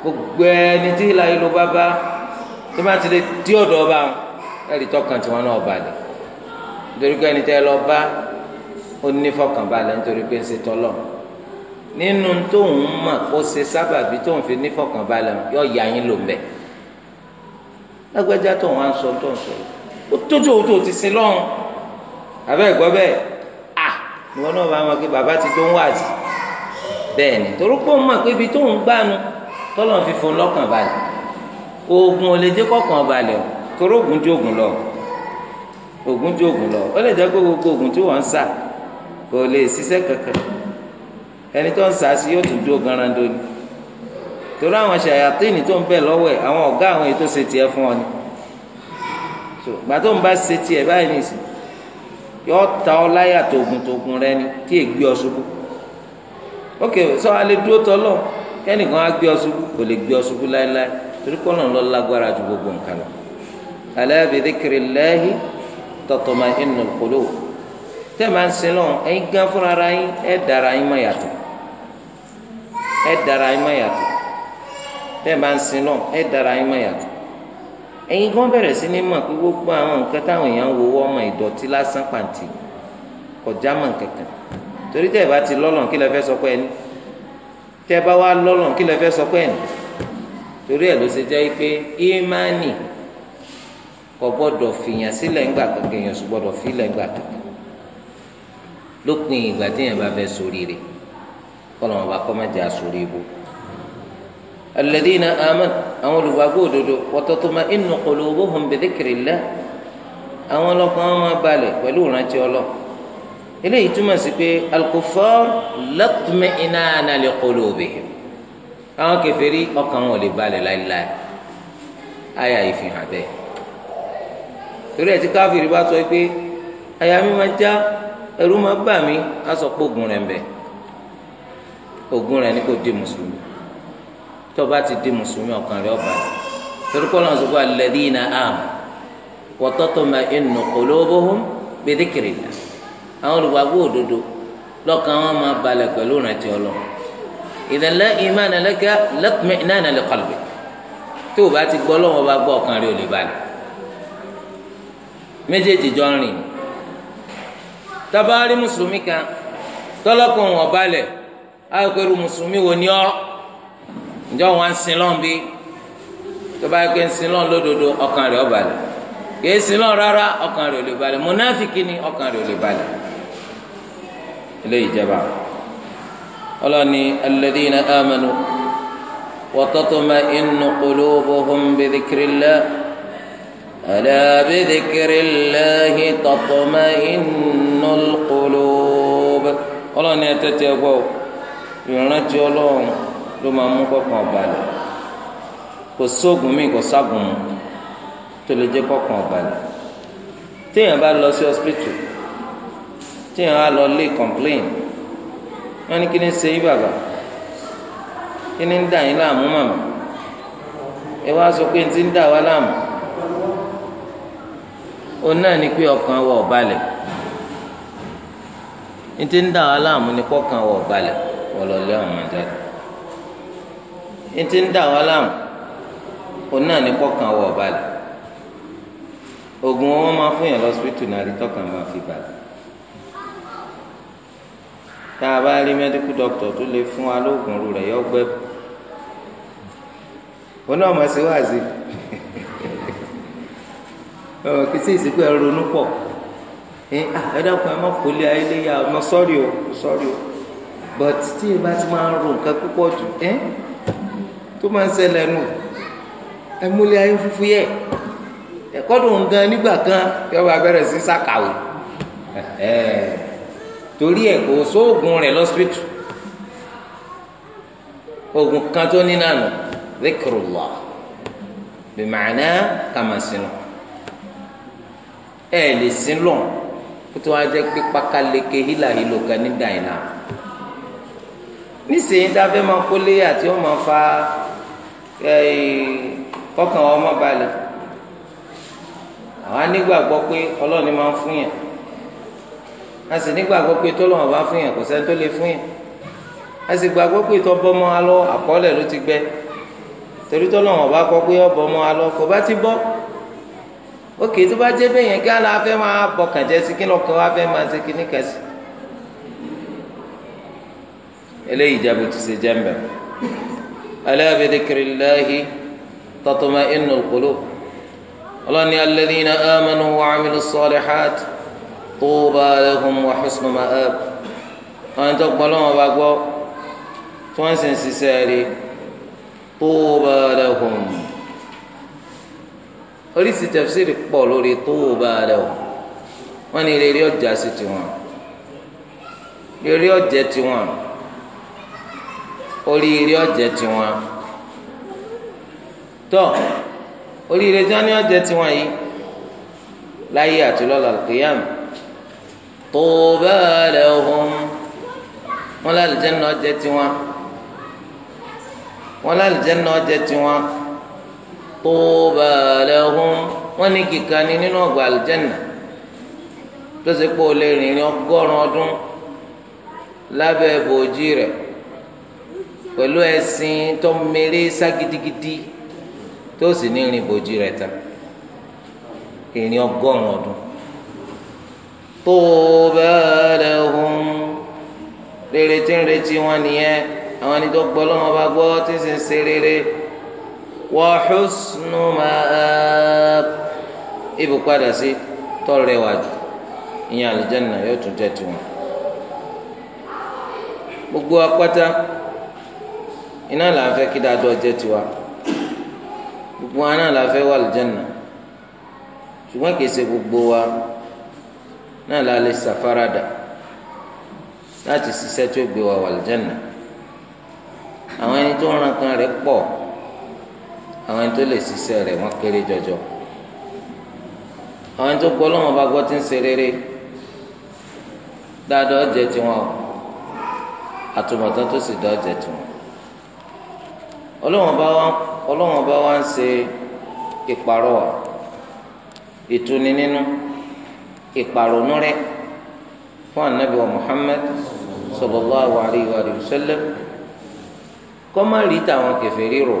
gbogbo ẹni tí ìlà ìlú bá bá tó bá ti lè dí ọ̀dọ̀ ọba ẹ̀rí tọkàn tiwọn náà balẹ̀ nítorí pé ẹni tẹ́ lọ bá ó ní fọkànbalẹ̀ nítorí pé ń ṣe tọ́lọ̀ nínú tóun mọ̀ kó ṣe sábàbí tóun fi ní fọkànbalẹ̀ yọ ya yín lò mẹ́ lágbájá tóun á ń sọ tóun sọ ó tójú òun tó ti sin lọ́hùn abẹ́ ẹ̀gbọ́ bẹ́ẹ̀ à ìwọ náà bá wọn pé bàbá ti tó ń wà sí bẹ́ẹ̀ ni torópò mọ̀ pé ibi tóun gbánu tọ́lọ̀ fi fún lọ́kàn oògùn ò lè jẹ́ kọ́kàn balẹ̀ o torógùn jógùn lọ oògùn jógùn lọ ó lè jẹ́ pé gbogbo oògùn tí wọ́n ń sà kò lè ṣiṣẹ́ kankan ẹni tó ń sàásì yóò tún dúró garando ni torí àwọn ṣàyàtìní tó ń bẹ lọ́wọ́ ẹ̀ àwọn ọ̀gá àwọn ètò ṣe tiẹ̀ fún ọ ni gbà tó ń bá ṣe tiẹ̀ báyìí nìyí yọ ta ọ láyà tógun tógun rẹ ni tí è gbé ọ ṣubú ok sọ alẹ dúró tọlọ kẹnìkan á gbé ọ ṣubú kò lè gbé ọ ṣubú láéláé torí kọ́ lọ lágbára ju gbogbo nǹkan lọ ala bi dhikrillahi tatma'innul qulub tẹ́ máa ń sin lọ́n ẹ̀yin gan fúnra ara yín ẹ̀ dára yín má yàtọ̀ ẹ̀ dára yín má yàtọ̀ tẹ́ máa ń sin lọ́n ẹ̀ dára yín má yàtọ̀ ẹ̀yin gan bẹ̀rẹ̀ sí ní mọ̀ pé gbogbo àwọn nǹkan táwọn èèyàn ń wo ọmọ ìdọ̀tí lásán pàǹtì kọjá mọ̀ kankan torí tẹ́ ẹ̀ bá ti lọ́lọ́n kí lẹ fẹ́ sọ pé ẹni tẹ́ ẹ bá wá lọ́lọ́n kí lẹ fẹ́ sọ pé ẹni torí ẹ̀ ló ṣe jẹ́ pé ìmánì kò gbọ́dọ̀ fìyàn sílẹ̀ ńgbà kankan èèyàn sì gbọ́dọ̀ fi ńgbà kankan lópin ìgbà téèyàn bá fẹ́ sórí rẹ̀ kọ́lọ̀ wọn bá kọ́ mẹ́jẹ àsórí ibú. alladhina amanu àwọn olùgbàgbọ́ òdodo wa tatma'innu qulubuhum bi dhikrillah àwọn ọlọ́kàn wọn máa balẹ̀ pẹ̀lú ìrántí ọlọ́ eléyìí túmọ̀ sí pé al-kuffar latma'inana li qulubihim àwọn kèfèrí ọkàn wọn ò lè balẹ̀ láéláé àyà ìfihàn bẹ́ẹ̀ torí ẹ̀ tí káfíìrì bá sọ pé àyà mi máa já ẹ̀rù máa bà mí á sọ pé ogun rẹ̀ ń bẹ ogun rẹ̀ ni kò di mùsùlùmí tó bá ti di mùsùlùmí ọkàn rẹ̀ ọba rẹ̀ torí kọ́ lọ́nà sọ́kọ́ alladhina amanu wa tatma'innu qulubuhum bi àwọn olùgbàgbọ́ òdodo lọ́kàn wọn máa balẹ̀ pẹ̀lú ìrántí Ọlọ́run idhan la imana laka latmi'nana li qalbik tó bá ti gbọ́ lọ́wọ́ bá gbọ́ ọkàn rẹ̀ ò lè balẹ̀ méjèèjì jọ ń rìn tabaari mùsùlùmí kan tọlọkùn wọn balẹ̀ ayọkẹrù mùsùlùmí wo ni ọ ǹjọ́ wọn ń sin lọ́n bí tọba ayọkẹ ń sin lọ́n lódodo ọkàn rẹ̀ ó balẹ̀ kì í sin lọ́n rárá ọkàn rẹ̀ ò lè balẹ̀ ni ọkàn rẹ̀ ò lè ilé ìjẹba ọlọ́ni alladhina amanu wa tatma'innu qulubuhum bi dhikrillah. ألا بذكر الله تطمئن القلوب ọlọ́ni ẹ tẹ́tí ẹ gbọ́ ìrántí ọlọ́run ló máa mú kọ́kàn balẹ̀ kò sóògùn mi kò ságùn mu tó lè jẹ́ kọ́kàn balẹ̀ téèyàn bá lọ sí hospital òun náà ni pé ọkàn wa ò balẹ̀ ní ti ń dà wá láàmú ni pọ́kàn wa ò balẹ̀ wọlọ́lẹ́ ọ̀hún jáde ń dà wá láàmú òun ni pọ́kàn wa ò oògùn wọn máa fún yàn a bá rí fún yọ kìsì ìsìnkú ẹ ronú pọ̀ ẹ ẹ dákun ẹ má ọmọ sọ́ọ̀rì o sọ́ọ̀rì o but tí ẹ bá ti máa ń ro nǹkan púpọ̀ jù ẹ tó máa ń ṣẹlẹ̀ nù ẹ ayé fúfú yẹ gan nígbà kan yọ bá bẹ̀rẹ̀ sí sàkàwé torí ẹ kò rẹ oògùn kan tó ní nànú ẹ lè sin lọ kó tó wá jẹ́ pé pákáleke hílàhílò kan nígbà yìí nísìnyí dáfẹ́ máa kó àti ó máa fa kọ́kàn ọmọ balẹ̀ àwọn nígbàgbọ́ pé ọlọ́ọ̀ni máa ń fún yẹn a sì nígbàgbọ́ pé tọ́lọ́wọ́n bá fún yẹn kò sẹ́ni tó lè fún yẹn a sì gbàgbọ́ pé alọ́ àkọọ́lẹ̀ ló ti gbẹ torí bá kọ́ pé òkè tó bá jẹ́ bẹ́ẹ̀ yẹn kí ala fẹ́ máa bọkàn jẹ́ sí kí lọ́kàn wa fẹ́ máa ṣe kíní kẹsì. eléyìí jábọ̀ tó ṣe jẹ́ mbẹ́. ala bi dhikrillahi tatma'innul qulub. ọlọ́ni alladhina amanu wa amilus salihat tuba lahum wa husnu ma'ab. àwọn tó gbọ́ lọ́wọ́ bá gbọ́ tí wọ́n sì ń ṣiṣẹ́ rí tuba lahum oríṣi tẹfsiri pọ̀ lórí tó wò bá rẹ o wọ́n ní rere ọjà sí tiwọn rere ọjẹ tiwọn oríire ọjẹ tiwọn tọ oríire tí wọ́n ní ọjẹ tiwọn yìí láyé àti lọ́la kìyàm tó bá rẹ ọhún wọn lálẹ́ jẹ́ ní ọjẹ tiwọn wọn lálẹ́ jẹ́ ní ọjẹ tiwọn. طوبى لهم ونكي كان ننوغ الجنة تسيقوا ليرين يقرون أدون lábẹ́ bòójì rẹ̀ pẹ̀lú ẹ̀sìn tó mèrè sá gidigidi tó sì ní ìrìn bòójì rẹ̀ tán ìrìn ọgọ́rùn-ún ọdún tó bẹ́ẹ̀ lẹ́hùn rere tí ń retí wọn nìyẹn àwọn ẹni tó gbọ́ lọ́wọ́ bá gbọ́ tí ń sè é rere. وحسن مآب ibù padà sí tọ́lẹ̀ wájú ìyẹn àlùjáná yóò tún jẹ́ tiwọn. gbogbo apáta iná là ń fẹ́ kí dáadọ́ jẹ́ tiwa gbogbo wa náà la fẹ́ wà àlùjáná ṣùgbọ́n kìí ṣe gbogbo wa náà la lè ṣàfaradà láti ṣiṣẹ́ tó gbé wa wà àlùjáná àwọn ẹni tó ń ran rẹ̀ pọ̀ àwọn ẹni tó lè ṣiṣẹ́ rẹ̀ wọ́n kéré jọjọ àwọn ẹni tó gbọ́ lọ́wọ́ bá gbọ́ tí ń ṣe rere dáadọ́ jẹ tiwọn àtúmọ̀tán tó sì dọ́ jẹ tiwọn ọlọ́wọ́n bá wá ń ṣe ìpàrọ̀wà ìtuni nínú ìpàrọ̀nù rẹ̀ fún anabi wa Muhammad sallallahu alayhi wa sallam kọ́má rí tàwọn kẹfẹ́ ríro.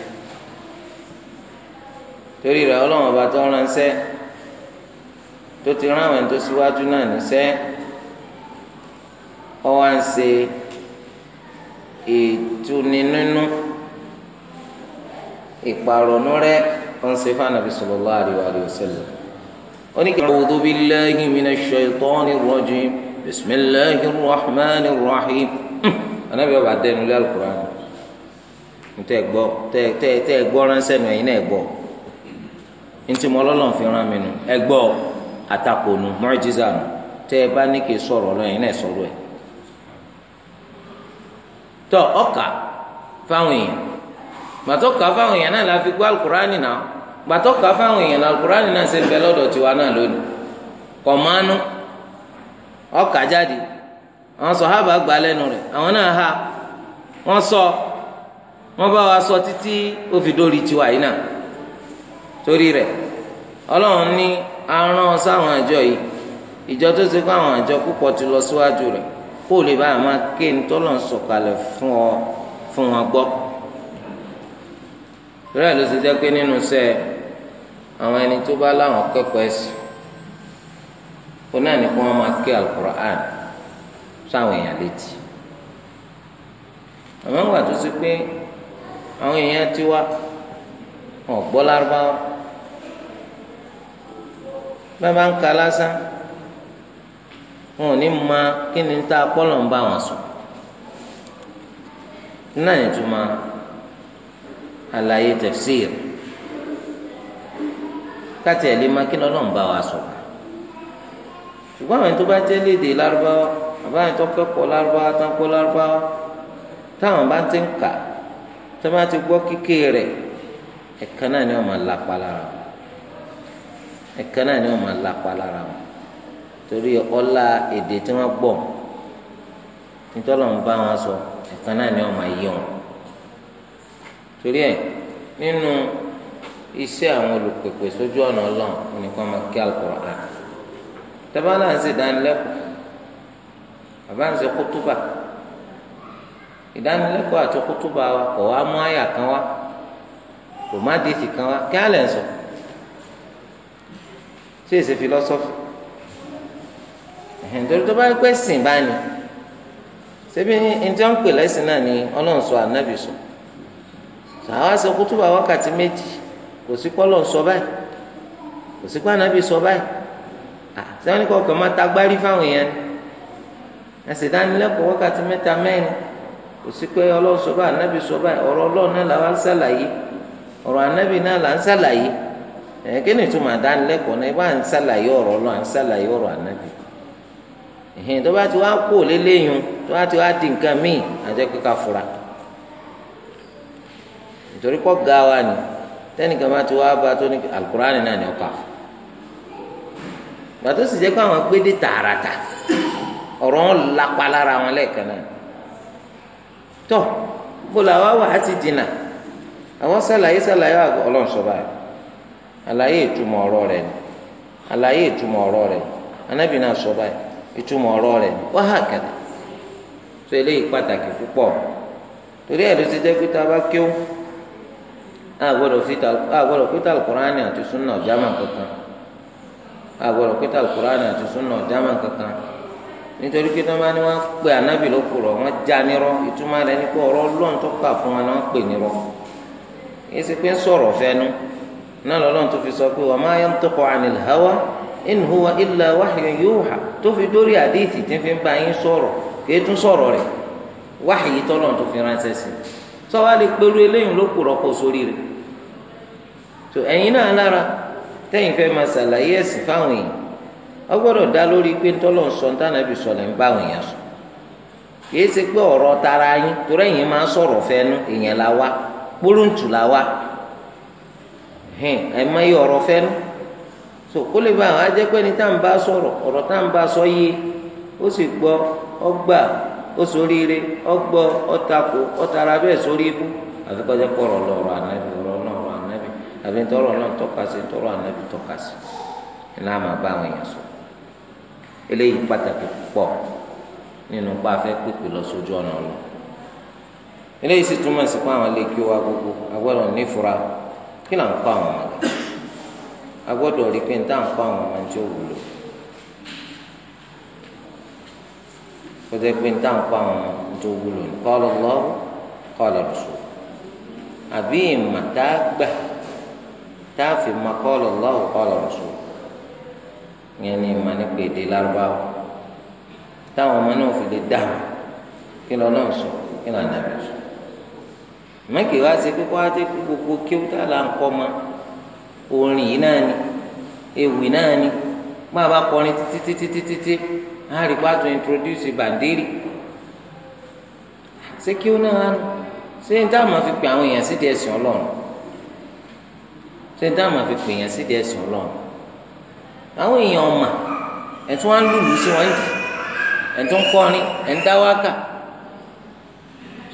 torí rẹ̀ ọlọ́run ọba tó ránṣẹ́ tó ti rán àwọn tó síwájú náà níṣẹ́ ó wá ń ṣe ìtuninínú ìpàrọ̀nù rẹ̀ ó ń ṣe fún Ànábì sallallahu alaihi wa sallam. oníkẹ́ a'udhu billahi minash shaytanir rajim bismillahir rahmanir rahim Ànábì ọba dẹnu lé Al-Qur'an tẹ́ ẹ gbọ́ tẹ́ ẹ gbọ́ ránṣẹ́ nù ẹ̀yin náà ẹ gbọ́. ntí mo lọ́lọ́run fi rán mi nù ẹ gbọ́ àtakònù tẹ́ ẹ bá ní kí sọ̀rọ̀ lọ́yìn náà sọ̀rọ̀ ẹ̀ ọkà fáwọn èèyàn gbàtọ́kà fáwọn èèyàn náà la fi gbọ́ alukurani náà gbàtọ́kà fáwọn èèyàn alukurani náà tiwa náà lónìí kọ̀mánú ọkà jáde àwọn sọ̀hábà gbà lẹ́nu rẹ̀ àwọn náà ha wọ́n sọ wọ́n bá sọ títí ó fi dórí torí rẹ̀ ọlọ́run ní arán sáwọn àjọ yìí ìjọ tó ti kó àwọn àjọ púpọ̀ ti lọ síwájú rẹ̀ kó lè bá àwọn akéwìn tó sọ̀kalẹ̀ fún ọ fún wọn ló ti pé nínú sẹ àwọn ẹni tó bá láwọn kó náà ní kó máa alukur'an sáwọn èèyàn létí àwọn tó ti pé àwọn èèyàn bá bá ń ka lásán wọn ò ní ma kí ni tá a kpọ́lọ̀ ń bá wọn sùn náà ní tuma àlàyé tafsir káti ẹ̀ lè ma kí ni ọlọ́run bá wa sùn ṣùgbọ́n àwọn tó bá jẹ́ léde lárúbáwá àbáyé tó kẹ́kọ̀ọ́ lárúbáwá tó ń lárúbáwá táwọn bá ti ń kà tó bá ti gbọ́ kíké rẹ̀ ẹ̀ka náà ni wọ́n máa lápá lára wọn ẹ̀kan náà ni wọ́n máa lápá lára wọn torí ọlá èdè tí wọ́n gbọ́ nítorí wọ́n bá wọn sọ ẹ̀kan náà ni wọ́n máa yí wọn torí ẹ̀ nínú iṣẹ́ àwọn olùpèpè sójú ọ̀nà ọlọ́run nìkan máa kí Al-Qur'an tẹ́bá náà ń ṣe ìdánilẹ́kọ̀ọ́ bàbá ń ṣe kútúbà ìdánilẹ́kọ̀ọ́ àti kútúbà wa kọ̀ wá mú àyà kan wá kò má dìtì kan wá kí á lè sọ̀rọ̀. ṣé èsè philosophy nítorí tó bá pẹ́ sìn bá ní pè lẹ́sìn náà ni Ọlọ́run sọ ànábì sọ sàwọn sọ kútùbà wákàtí méjì kò sí pọ́ sọ báyìí kò sí pọ́ ànábì sọ báyìí sẹ́wọ́n ní kọ̀ọ̀kan máa tagbárí fáwọn ni ẹ̀sìn wákàtí mẹ́ta mẹ́rin kò sí pé Ọlọ́run sọ sọ báyìí ọ̀rọ̀ Ọlọ́run náà ń ọ̀rọ̀ ànábì náà là ẹ kí ni ìtumọ̀ àdánilẹ́kọ̀ọ́ náà ibà ń ọ̀rọ̀ lọ à ń ànábì tó ti wá kó léléyìn tó bá ti wá di nǹkan míì àjẹ́ kíkà fura nítorí pọ́ ga wa ni bá ti wá bá tó ní alukurani náà ọkà gbàtó sì àwọn gbédè tààràtà ọrọ wọn lápá lára wọn náà wà á sàlàyé sàlàyé ala ìtumọ̀ ọ̀rọ̀ rẹ̀ ni àlàyé ìtumọ̀ ọ̀rọ̀ rẹ̀ anábì náà sọ báyìí ìtumọ̀ ọ̀rọ̀ rẹ̀ ni wọ́n hà kẹ́lẹ́ tó eléyìí pàtàkì púpọ̀ torí ẹ̀ ló ti jẹ́ pété abá kíó àgbọ̀dọ̀ pété alukurani ati sunna ọ̀jàmà kankan àgbọ̀dọ̀ pété alukurani àti sunna kankan nítorí wọn ló wọn tó fún wọn ni wọn náà lọ́lọ́run tó fi sọ pé hawa in huwa illa wahyun yuha tó fi dórí àdéhìtì tí ń fi bá yín sọ̀rọ̀ kì í sọ̀rọ̀ fi ránṣẹ́ sí sọ wá lè pẹ̀lú eléyìí ló kù rọ́pò sórí rẹ̀ tó ẹ̀yin náà lára tẹ́yìn fẹ́ máa ṣàlàyé ẹ̀sìn fáwọn èèyàn gbọ́dọ̀ dá lórí sọ ń ẹ má ma ọ̀rọ̀ fẹ́ nu so kó lè bá àwọn taa pé ní tá à ń bá sọ̀rọ̀ ọ̀rọ̀ tá à bá sọ yé ó sì gbọ́ ọgbà ó soríire ọgbọ́ ọtara bẹ́ẹ̀ sórí ibú àfi kọjá pọ̀ ọ̀rọ̀ lọ́rọ̀ ànábì ọ̀rọ̀ àfi tọ́rọ̀ náà sí sí máa bá àwọn èèyàn sọ eléyìí pàtàkì nínú pa lọ kí là ń kọ́ àwọn ọmọ rẹ̀ a gbọ́dọ̀ rí pé níta ń kọ́ àwọn ọmọ tí ó wúlò kó jẹ́ pé níta ń kọ́ àwọn ọmọ tí ó wúlò ní qala Allah qala Rasul àbí ìmọ̀ tá a gbà tá a fi mọ qala Allah qala Rasul yẹn ni ìmọ̀ nípa èdè lárúbáwá táwọn ọmọ náà fi lè dáhùn kí lọ náà sọ kí lọ náà sọ mẹ́kì wá sí pé kó wá jẹ́ pé gbogbo kéwú tá a là ń kọ́ ma orin yìí náà ni ewì náà ni bá a bá kọrin títí títí títí á rí pa tó introduce bàndírì ṣé kéwú náà nù ṣé n táwọn máa fi pè àwọn èèyàn sídìí ẹ̀sìn ọlọ́run ṣé n táwọn máa fi pè èèyàn sídìí ẹ̀sìn ọlọ́run àwọn èèyàn ọmọ ẹ̀tún wá ń lùlù sí wọn dì ẹ̀tún kọrin ẹ̀ ń dá wákà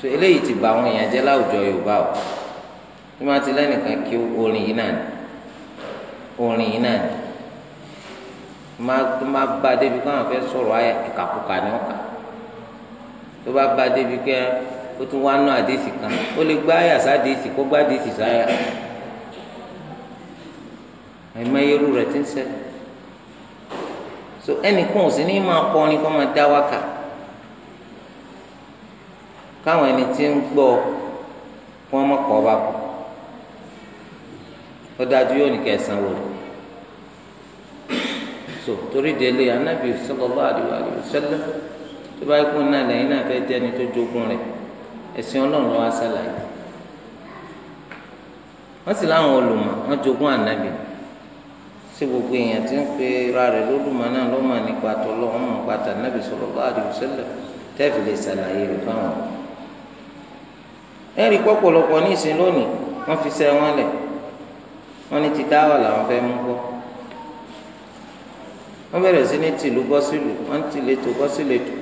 so eléyìí ti bà àwọn èèyàn jẹ́ láwùjọ yorùbá o tí wọ́n ti lẹ́nìkan kí orin yìí náà orin yìí náà tó máa bá débi káwọn fẹ́ sọ̀rọ̀ ayẹ ìkàkùkà ni wọ́n kà tó bá bá débi kẹ́ ó tún wá nú àdéhìsì kan ó lè gbá àyàsá àdéhìsì kó gbá àdéhìsì sáyà ẹ̀mọ irú rẹ̀ ti ń ṣẹlẹ̀ so ẹnìkan ò sí ní máa kọrin kó máa dá wákàá. káwọn ẹni tí ń gbọ́ kí wọ́n mọ̀ pọ̀ bá ó dájú yóò ní kẹsàn wò so torí délé anábì sallallahu alaihi yi tó bá kú náà lẹ́yìn náà fẹ́ẹ́ jẹ́ni tó jogún rẹ̀ ẹ̀sìn sì láwọn olùmọ̀ wọ́n jogún ànábì gbogbo èèyàn tí ń pe ra rẹ̀ lólùmọ̀ náà nípa ẹ̀rí pọ̀pọ̀lọpọ̀ ní ìsìn lónìí wọ́n fi sẹ́ wọn lẹ̀ wọ́n ní ti dáwà làwọn fẹ́ mú kọ́ wọ́n bẹ̀rẹ̀ sí ní tìlú bọ́sílù wọ́n ti lẹ́tọ̀ bọ́sílẹ̀tọ̀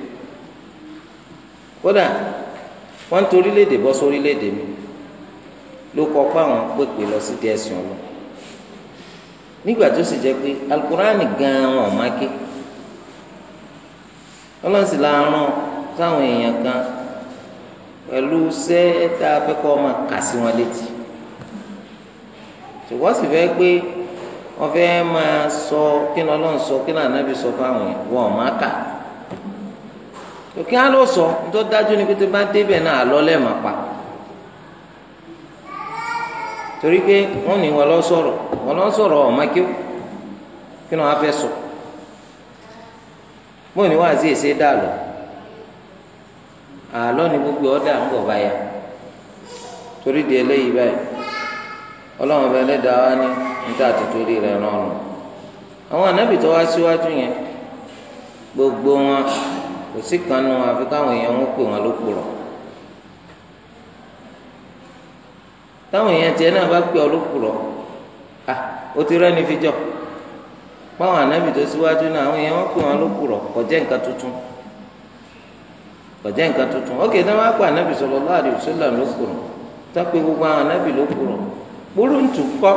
kódà wọ́n ń torílẹ̀-èdè bọ́ sórílẹ̀-èdè mi ló kọ́ pé àwọn pèpè lọ sí di ẹ̀sìn ọlọ́ nígbà tó sì jẹ́ pé alukurani gan-an wọn ò ké ọlọ́sìn la sáwọn èèyàn gan pẹ̀lú sẹ́ tá a fẹ́ kọ́ ọmọ kà wọn létí ṣùgbọ́n sì fẹ́ pé wọ́n fẹ́ máa sọ kí ni ọlọ́run sọ kí ni ànábì sọ fáwọn wọn ọ̀ máa kà òkè á lọ sọ nítorí dájú ni pé bá débẹ̀ náà àlọ́ lẹ́ẹ̀mọ́ pa torí pé wọ́n ní wọn lọ sọ̀rọ̀ wọn lọ sọ̀rọ̀ ọ̀ máa kí ni wọ́n á fẹ́ sọ wọ́n èsè dà àlọ́ ni gbogbo ɔda ń bọ̀ báyà torí di eléyìí báyìí ọlọ́run lé da ní níta àti torí àwọn ànábì tó wá síwájú yẹn gbogbo wọn kò sí kan nu àfi káwọn èèyàn pè wọn lópùrọ́ táwọn èèyàn náà bá pè ọ ti báwọn tó síwájú náà àwọn èèyàn pè wọn kọjá nǹkan tuntun ókè tí wọn pa anabi sallallahu alaihi wasallam ló kùrọ tí wọn pe gbogbo àwọn anabi ló kùrọ kpóròǹtù kọ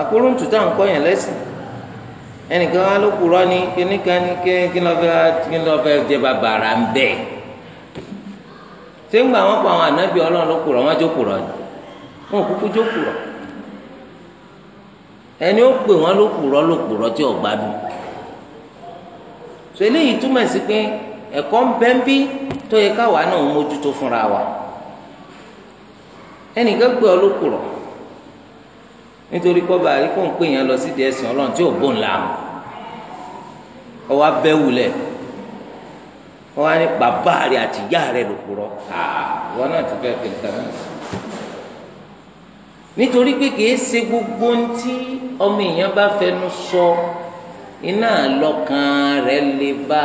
àkpóròǹtù táwọn kọ yẹn lẹsìn ẹnìkan wa ló kùrọ ni kíníkan ní kí ló fẹ́ jẹ bàbàrà ń bẹ ṣé ń gbà wọn pa àwọn anabi Ọlọ́run ló wọn jó ni wọn kúkú jó ẹni ó pè wọn ló kùrọ tí ọgbà dùn so eléyìí túmọ̀ sí pé ẹ̀kọ́ ń bẹ́ ń bí tó yẹ káwa náà mójútó fúnra wa ẹnìkan gbé ọlọ́kùrọ̀ nítorí kọ́ba àríkò ń pè yẹn lọ sí díẹ̀ sìn ọlọ́run tí ò bò ńlá mu ọwọ́ abẹ́ wulẹ̀ wọ́n á ní bàbá rẹ̀ àti ìyá rẹ̀ lòkùrọ̀ àwọn náà ti fẹ́ fi nǹkan náà nítorí pé kìí ṣe gbogbo ohun tí ọmọ èèyàn bá fẹnu sọ. So, iná lọ́kàn rẹ̀ lè bá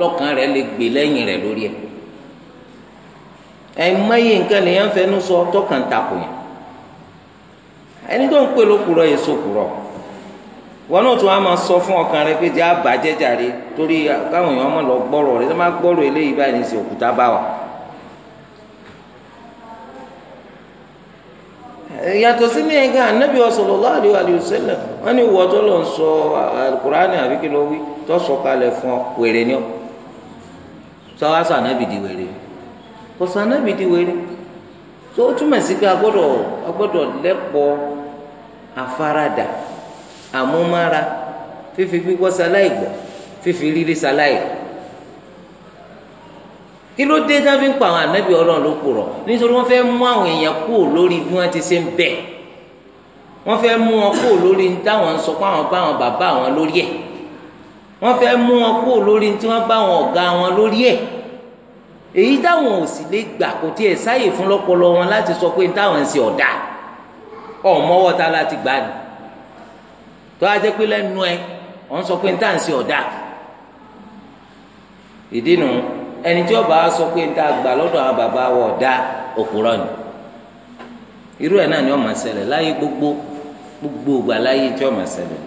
lọ́kàn rẹ̀ lè gbè lẹ́yìn rẹ̀ lórí ẹ̀ ẹ̀mọ́yé nǹkan lèèyàn ka sọ tọkàn takò yẹn ẹni tó ń pè lókùrọ̀ yẹn sókùrọ̀ wọn náà tún wá máa sọ fún ọkàn rẹ pé jẹ́ àbájẹ́jàre torí káwọn èèyàn máa lọ gbọ́rọ̀ rẹ tó máa gbọ́rọ̀ eléyìí báyìí ní òkúta bá yàtọ̀ sí ní ẹ̀gá anábì sallallahu wọn ní tó lọ sọ alukurani àbí kí ló wí tó sọ kalẹ̀ fún ọ wèrè ni ọ sọ sọ anábì di wèrè kò sọ anábì di wèrè tó o túmọ̀ sí pé agbọ́dọ̀ agbọ́dọ̀ lẹ́pọ̀ afárádà àmúmára fífi gbígbọ́ sáláì gbọ́ fífi rírí sáláì gbọ́. kí ló dé tán fi ń pa àwọn ànábì ọlọ́run ló purọ́ nítorí wọ́n fẹ́ mú àwọn èèyàn kúò lórí bí wọ́n ti ṣe ń bẹ̀ wọ́n fẹ́ mú wọn kúò lórí táwọn ń sọ pé àwọn bá àwọn bàbá àwọn lórí ẹ̀ wọ́n fẹ́ mú wọn kúò lórí tí wọ́n bá àwọn ọ̀gá wọn lórí ẹ̀ èyí táwọn ò sì lè gbà kò tiẹ̀ sáyè fún lọ́pọlọ wọn láti sọ pé táwọn ń ṣe ọ̀dà ọ̀mọ́wọ́ ta láti gbà ní tó a jẹ́ pé lẹ́nu ẹ̀ wọ́n sọ pé táwọn ń ṣe ọ̀dà ìdí nù ẹni tí ọba wa sọ pé n ta gbà lọ́dọ̀ àwọn bàbá wa ọ̀dà òkúrọ̀ ni irú ẹ̀ náà ni ó máa ṣẹlẹ̀ láyé gbogbo gbogbo ògbà láyé tí ó máa ṣẹlẹ̀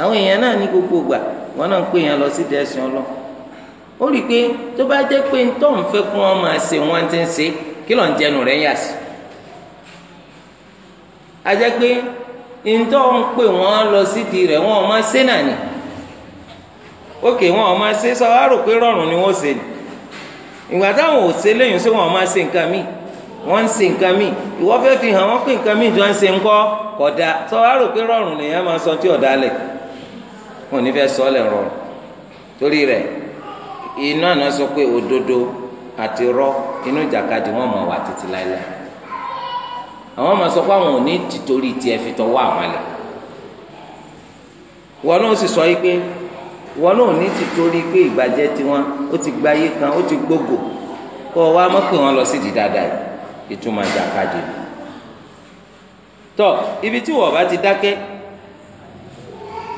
àwọn èèyàn náà ní gbogbo ògbà wọn náà ń pè yẹn lọ sí dẹ́sìn ọlọ́ ó rí i pé tó bá jẹ́ pé ń ń fẹ́ kó wọn máa wọn ti ń ṣe kí lọ́n jẹnu rẹ̀ yà sí a jẹ́ pé ń ń pè wọ́n lọ sídìí rẹ̀ wọ́n máa ṣe náà ókè wọn ọ máa ṣe sọ ni wọn ṣe ni ìgbà táwọn ò ṣe lẹ́yìn sí wọn ò máa ṣe nǹkan míì wọn ń ṣe nǹkan ìwọ fi hàn wọn pé nǹkan mi jọ ń ṣe ńkọ́ kódà sọ wá pé rọrùn máa sọ tí ọ̀dà lẹ̀ wọn ò ní fẹ́ sọ rọrùn torí rẹ̀ inú àná sọ pé òdodo rọ inú ìjàkadì wọn wà títí àwọn máa sọ pé àwọn ò ní fi àwọn wọn náà sì sọ wọn náà ní ti torí pé ìbàjẹ́ tiwọn ó ti gba ayé kan ó ti gbógò kó o wá mọ́pè wọn lọ sí di dáadáa yìí ìtumọ̀ ìjàkadì ni. tọ́ ibi tí wọ́n bá ti dákẹ́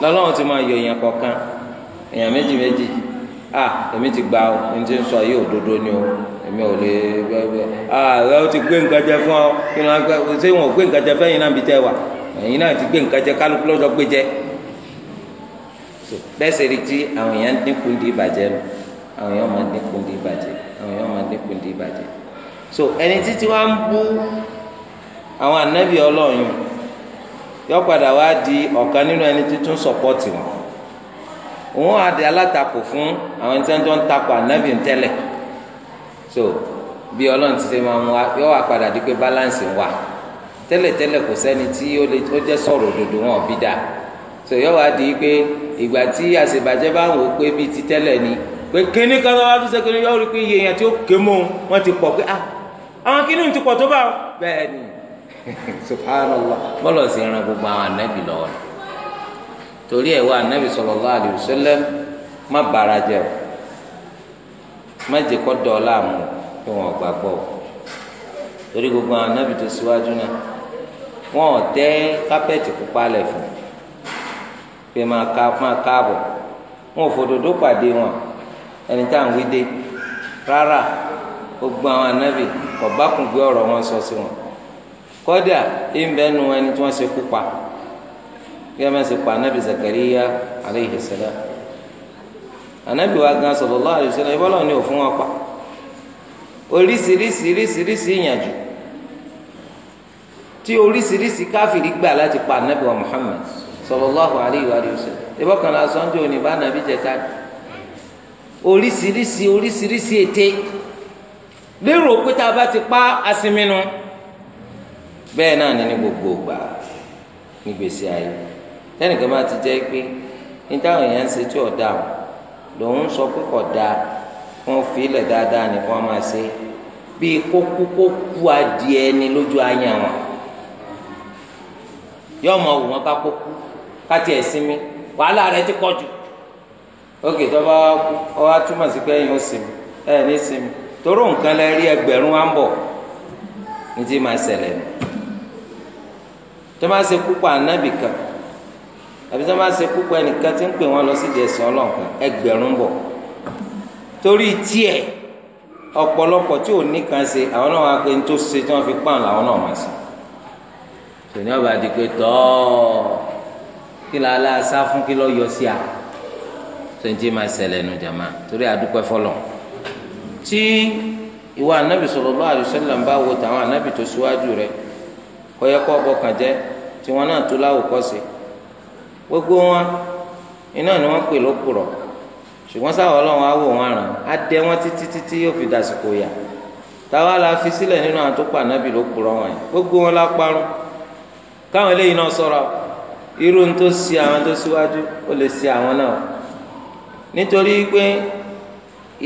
lọ́lọ́run ti máa yọ èèyàn kọ̀ọ̀kan èèyàn méjì méjì à èmi ti gbà ó ní ti ń sọ yìí òdodo ni o èmi ò lè gbẹgbẹ ah ẹ ó ti gbé nǹkan jẹ fún ọ kí ni wọn ṣé wọn ò gbé nǹkan jẹ fẹ́yìn náà bí tẹ wà ẹ̀yin náà ti gbé nǹkan jẹ kálukú lọ́jọ́ gbé jẹ bẹ́ẹ̀ sì rí tí àwọn èèyàn dínkù di ìbàjẹ́ lọ àwọn èèyàn máa dínkù di ìbàjẹ́ àwọn èèyàn máa dínkù di ìbàjẹ́ so ẹni títí wá ń bú àwọn ànábì ọlọ́run yọ padà wá di ọ̀kan nínú ẹni títún sọ̀pọ́tì wọn òun á di alátakò fún àwọn ẹni tí wọ́n ń takò ànábì tẹ́lẹ̀ so bí ọlọ́run ti ṣe máa ń wá yọ wá padà di pé balance ń wà tẹ́lẹ̀tẹ́lẹ̀ kò sẹ́ni tí ó jẹ́ sọ̀rọ̀ òdodo wọn ò bí dáa sọyọ́ wa di pé ìgbà tí àṣebàjẹ́ bá wò ó pé bíi ti tẹ́lẹ̀ ni pé kíní kan tó wá tó sẹ́kẹ́ ní yọ́ rí pé iye èèyàn tí ó ké mọ́ wọn ti pọ̀ pé ah àwọn kíní ti pọ̀ tó bá wọn. bẹ́ẹ̀ ni subhanallah bọ́lọ̀ sì ran gbogbo àwọn ànábì lọ́wọ́ torí ẹ̀ wá ànábì sallallahu alaihi wasallam má bàrà jẹ o má jẹ kọ́ dọ̀ láàmú kí wọ́n gbàgbọ́ o torí gbogbo àwọn ànábì tó síwájú náà wọ́n ò tẹ́ kápẹ́ẹ̀tì pupa lẹ̀ fún pé máa ká máa káàbọ̀ wọn ò fòdòdó pàdé wọn ẹni tá à ń wí dé rárá gbogbo àwọn anábì ọ̀bákùngbé ọ̀rọ̀ wọn sọ sí wọn kọ́dà ìbẹ́nu ẹni tí wọ́n ṣe kú pa bí wọ́n ṣe pa anábì Zakariya aleyhi salam anábì wa gan sallallahu alaihi wasallam ìbọ́lá ni ò fún wọn pa oríṣiríṣiríṣiríṣi ìyànjú tí oríṣiríṣi káfìrí gbà láti pa anábì wa Muhammad sallallahu alayhi wa sallam ìbọ̀kan la sọ ń jò ní bá nàbí jẹta oríṣiríṣi oríṣiríṣi ète lérò pé tá a bá ti pa asiminu bẹ́ẹ̀ náà ní ní gbogbo gbà nígbèsè ayé tẹnìkan bá ti jẹ́ pé ní táwọn èèyàn ń ṣe tí ọ̀dà lòun sọ pé kò dáa wọn fi dáadáa ni wọn máa ṣe bíi kókó kókó adìẹ ni lójú ayé wọn yọọ máa wù wọn ká kókó káti ẹ̀ wàhálà rẹ ti pọ̀ jù ókè tọ́ba túmọ̀ sí pé ẹ̀yin ó sinmi ẹ̀ toró nǹkan lẹ rí ẹgbẹ̀rún wa ń bọ̀ ní ti máa ṣẹlẹ̀ nù tó máa ṣe púpọ̀ ma kan àbí tó máa ṣe púpọ̀ ẹnìkan ń pè wọ́n lọ sí ìjẹsìn ọlọ́ọ̀kan ẹgbẹ̀rún bọ̀ torí tiẹ̀ ọ̀pọ̀lọpọ̀ tí ò ní kan ṣe àwọn náà wá pé ní tí fi pààlà àwọn náà máa ṣe tòní ọba di tọ́ọ̀ kí la la sá fún kí lọ yọ sí a sèǹtì máa ṣẹlẹ̀ nu jàmá torí àdúpẹ́ fọlọ́ tí ìwà anabi sallallahu alaihi wasallam ń bá wo tàwọn anabi tó síwájú rẹ̀ kọyẹ kọ bọkàn jẹ tí wọn náà tó láwòkọ́ṣe gbogbo wọn iná ni wọn pè lókùrọ ṣùgbọ́n sáwọn Ọlọ́run á wò wọn àràn á dẹ wọn títí títí yóò fi dàsìkò yà táwa la fi sílẹ̀ nínú àwọn tó pa anabi lókùrọ wọn yìí gbogbo wọn la parun káwọn eléyìí náà sọ̀rọ̀ irú tó si àwọn tó síwájú ó lè ṣe àwọn náà nítorí pé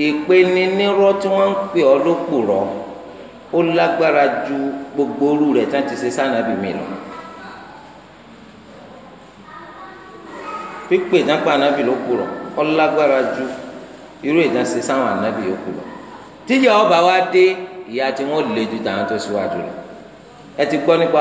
ìpènínírọ́ tí wọ́n ń pè ọ ló purọ́ ó lágbára ju gbogbo orú rẹ̀ tán ti ṣe sànàbì mi lọ. pípè dápá ànábì ló purọ́ ó lágbára ju irú ìdánsẹ sáwọn ànábì yòókù lọ. tíjà ọba wa dé ìyá tí wọ́n lè ju tàwọn tó síwájú lọ ẹ ti nípa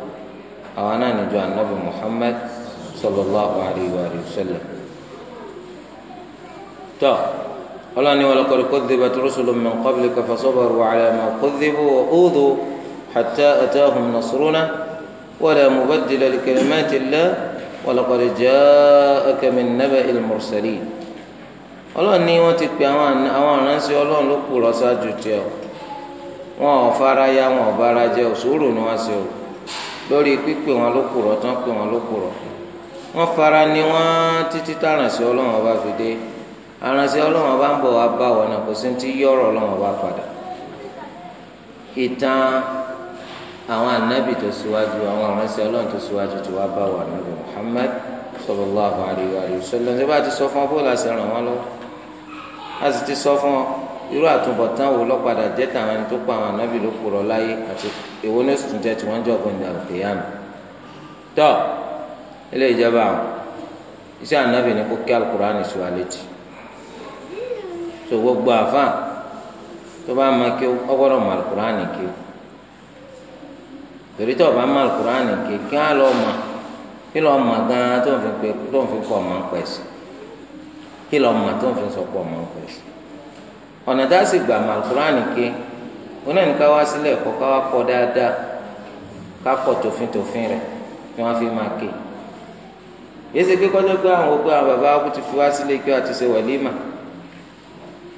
àwọn náà níjọ anabi muhammad sallallahu alayhi wa sallam tọ́ ọlọ́ni wọn lọ́kọ́ kó dìbò tó rúṣùlù min qablika fasabaru ala ma kó dìbò wọ́n óòdù hatta atahum nasruna wala mubaddila likalimati llah walaqad ja'aka min naba'il mursalin ọlọ́run ní wọ́n ti pe àwọn aránṣẹ́ ọlọ́run ló kù lọ́sàájú tiẹ̀ wọn ò fara wọn ò bára jẹ́ òṣòro ni wọ́n ṣe o lórí pípè wọn ló kùrọ̀ tán pè wọn ló kùrọ̀ wọn fara ni wọn títí tá àrànṣẹ́ ọlọ́run ọba fi dé àrànṣẹ́ ọlọ́run ọba ń bọ̀ wá bá wọn náà kò sí ti yọ̀rọ̀ ọlọ́run ọba padà ìtàn àwọn ànábì tó síwájú àwọn àrànṣẹ́ ọlọ́run tó síwájú tó wá bá wọn náà Muhammad sallallahu alayhi wa sallam ṣé bá ti sọ fún ọ bó la ṣe ràn wọn lọ a sì ti sọ fún ọ. irú àtúbọ̀tán wo lọ́padà jẹ́ tàwọn ẹni tó pa àwọn ànábì ló kúrọ̀ láyé àti èwo ní sùn jẹ́ tí wọ́n jọ gbọ̀ngàn àlùkìyàmù tọ́ ilé ìjọba àwọn iṣẹ́ ni kó kí alukur'an sùn àlejò tó gbogbo àfa tó bá máa kí ọ gbọ́dọ̀ mọ alukur'an kí o torí tó ọma bá mọ alukur'an kí kí á lọ mọ kí lọ mọ gan fi pọ̀ mọ́ pẹ̀sì ọ̀nà si a sì gbà mà alukurani ké wọn náà ní ká wá sílẹ̀ kọ́ ká wá kọ́ dáadáa ká kọ́ tòfin rẹ̀ kí wọ́n fi máa ké yéésì pé kọ́jọ́ àwọn ogun àwọn bàbá ti fi wá sílé kí wọ́n ti ṣe wàlímà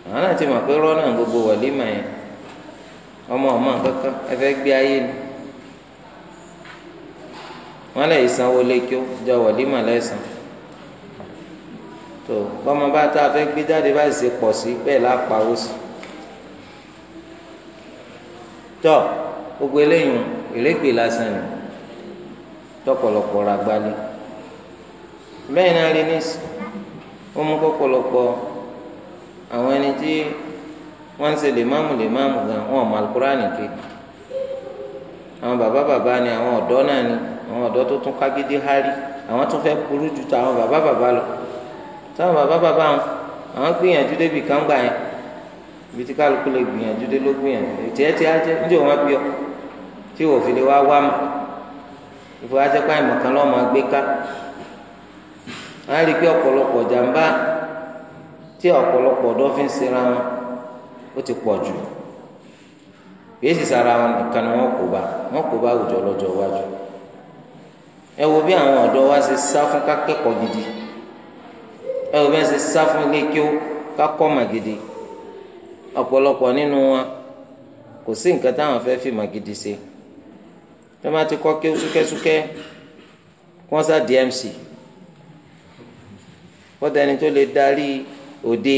àwọn náà ti mọ̀ pé rọ́nà gbogbo wàlímà yẹn ọmọ ọmọ kankan ẹ fẹ́ gbé ayé ni wọ́n lè sanwó tó bọ́mọ bá tá a fẹ́ gbé jáde báyìí ṣe pọ̀ sí bẹ́ẹ̀ lápawó sí tọ́ gbogbo eléyìí ìrẹ́pè lásán ni tọ́pọ̀lọpọ̀ ra gbálẹ̀ bẹ́ẹ̀ náà rí ní wọ́n mú kọ́pọ̀lọpọ̀ àwọn ẹni tí wọ́n ń ṣe lèmáàmù lèmáàmù gan wọn ò mọ alukurani àwọn bàbá bàbá ni àwọn ọ̀dọ́ náà ni àwọn ọ̀dọ́ tó tún kágídé hárí àwọn tún fẹ́ burú ju tàwọn bàbá bàbá lọ táwọn bàbá bàbá wọn àwọn gbìyànjú débi kan gbà yẹn ibi tí kálukú lè gbìyànjú dé ló gbìyànjú ètò ẹ ti á jẹ níjẹ wọn bí ọ tí wò fi lè wá wá mà ìfọ á jẹ pé àìmọ̀ kan lọ́ọ́ máa gbé ká á rí i pé ọ̀pọ̀lọpọ̀ jàǹbá tí ọ̀pọ̀lọpọ̀ ọ̀dọ́ fi ń sinra wọn ó ti pọ̀ jù kìí sara wọn nìkan ni wọn kó bá wọn kó bá àwùjọ lọ́jọ́ iwájú ẹ wo bí àwọn ọ̀dọ́ wa ṣe sá fún kákẹ́kọ̀ọ́ gidi ẹ ò bẹ́ẹ̀ ṣe sá fún ilé kí ó kákọ́ màgidi ọ̀pọ̀lọpọ̀ nínú wọn kò sí nǹkan táwọn fẹ́ fi màgidi ṣe tó bá ti kọ́ kí ó súkẹ́súkẹ́ wọ́n sá DMC kọ́tà ẹni tó lè darí òde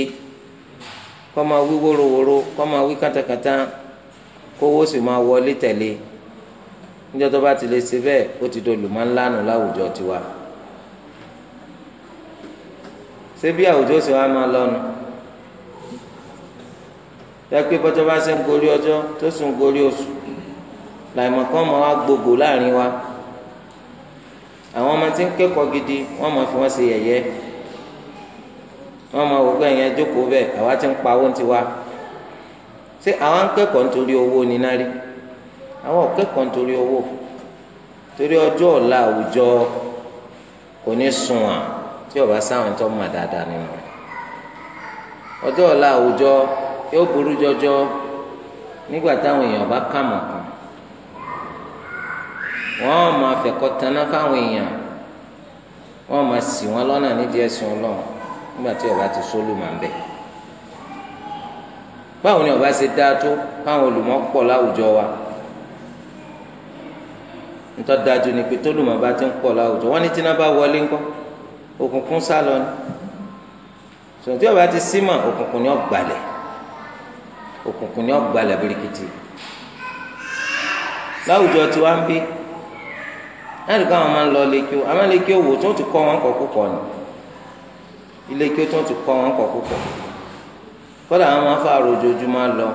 kọ́ máa wí wóróworó kọ́ máa wí kátàkátà kówó sì máa wọlé tẹ̀lé níjọ́ tó bá ti lè ṣe bẹ́ẹ̀ ó ti dolùmọ́ ńlá nù láwùjọ tiwa. ṣé bí àwùjọ sì wá máa lọ́nu dápé bọ́jọ́ bá ṣe ń gorí ọjọ́ tó sùn gorí oṣù làìmọ̀ kan máa wá gbogbo láàrin wa àwọn ọmọ tí ń kẹ́kọ̀ọ́ gidi wọ́n máa fi wọ́n ṣe yẹ̀yẹ́ wọ́n máa wò pé ẹ̀yẹn jókòó bẹ́ẹ̀ ti ń pa owó ṣé àwa ń kẹ́kọ̀ọ́ nítorí owó ni náà rí ò kẹ́kọ̀ọ́ nítorí owó torí ọjọ́ ọ̀la tí ọba sáwọn tó mọ̀ dáadáa nínú rẹ̀ ọjọ́ ọ̀la àwùjọ yóò burú jọjọ nígbà táwọn èèyàn bá kàmọ̀ kan wọ́n máa fẹ̀kọ́ taná fáwọn èèyàn wọ́n máa ṣì wọ́n lọ́nà nídìí ẹ̀sìn ọlọ́run nígbà tí ọba ti sólù máa ń bẹ̀. báwo ni ọba ṣe dáa tó fáwọn olùmọ̀ láwùjọ wa nítorí dájú ni pé tólùmọ̀ bá ti ń pọ̀ láwùjọ ní tí náà òkùnkùn sá lọ ni sọ̀tí ọba ti sí mọ̀ òkùnkùn ni ó gbalẹ̀ òkùnkùn ni ó gbalẹ̀ birikiti láwùjọ tí wọ́n á ń bí láti káwọn máa ń lọ lékyó àmọ́ lékyó wò tó ti kọ́ wọn kọ́ púpọ̀ ni ilé kí ó tó ti kọ́ wọn kọ́ púpọ̀ kọ́dà àwọn máa ń fa àròjòjúmọ́ lọ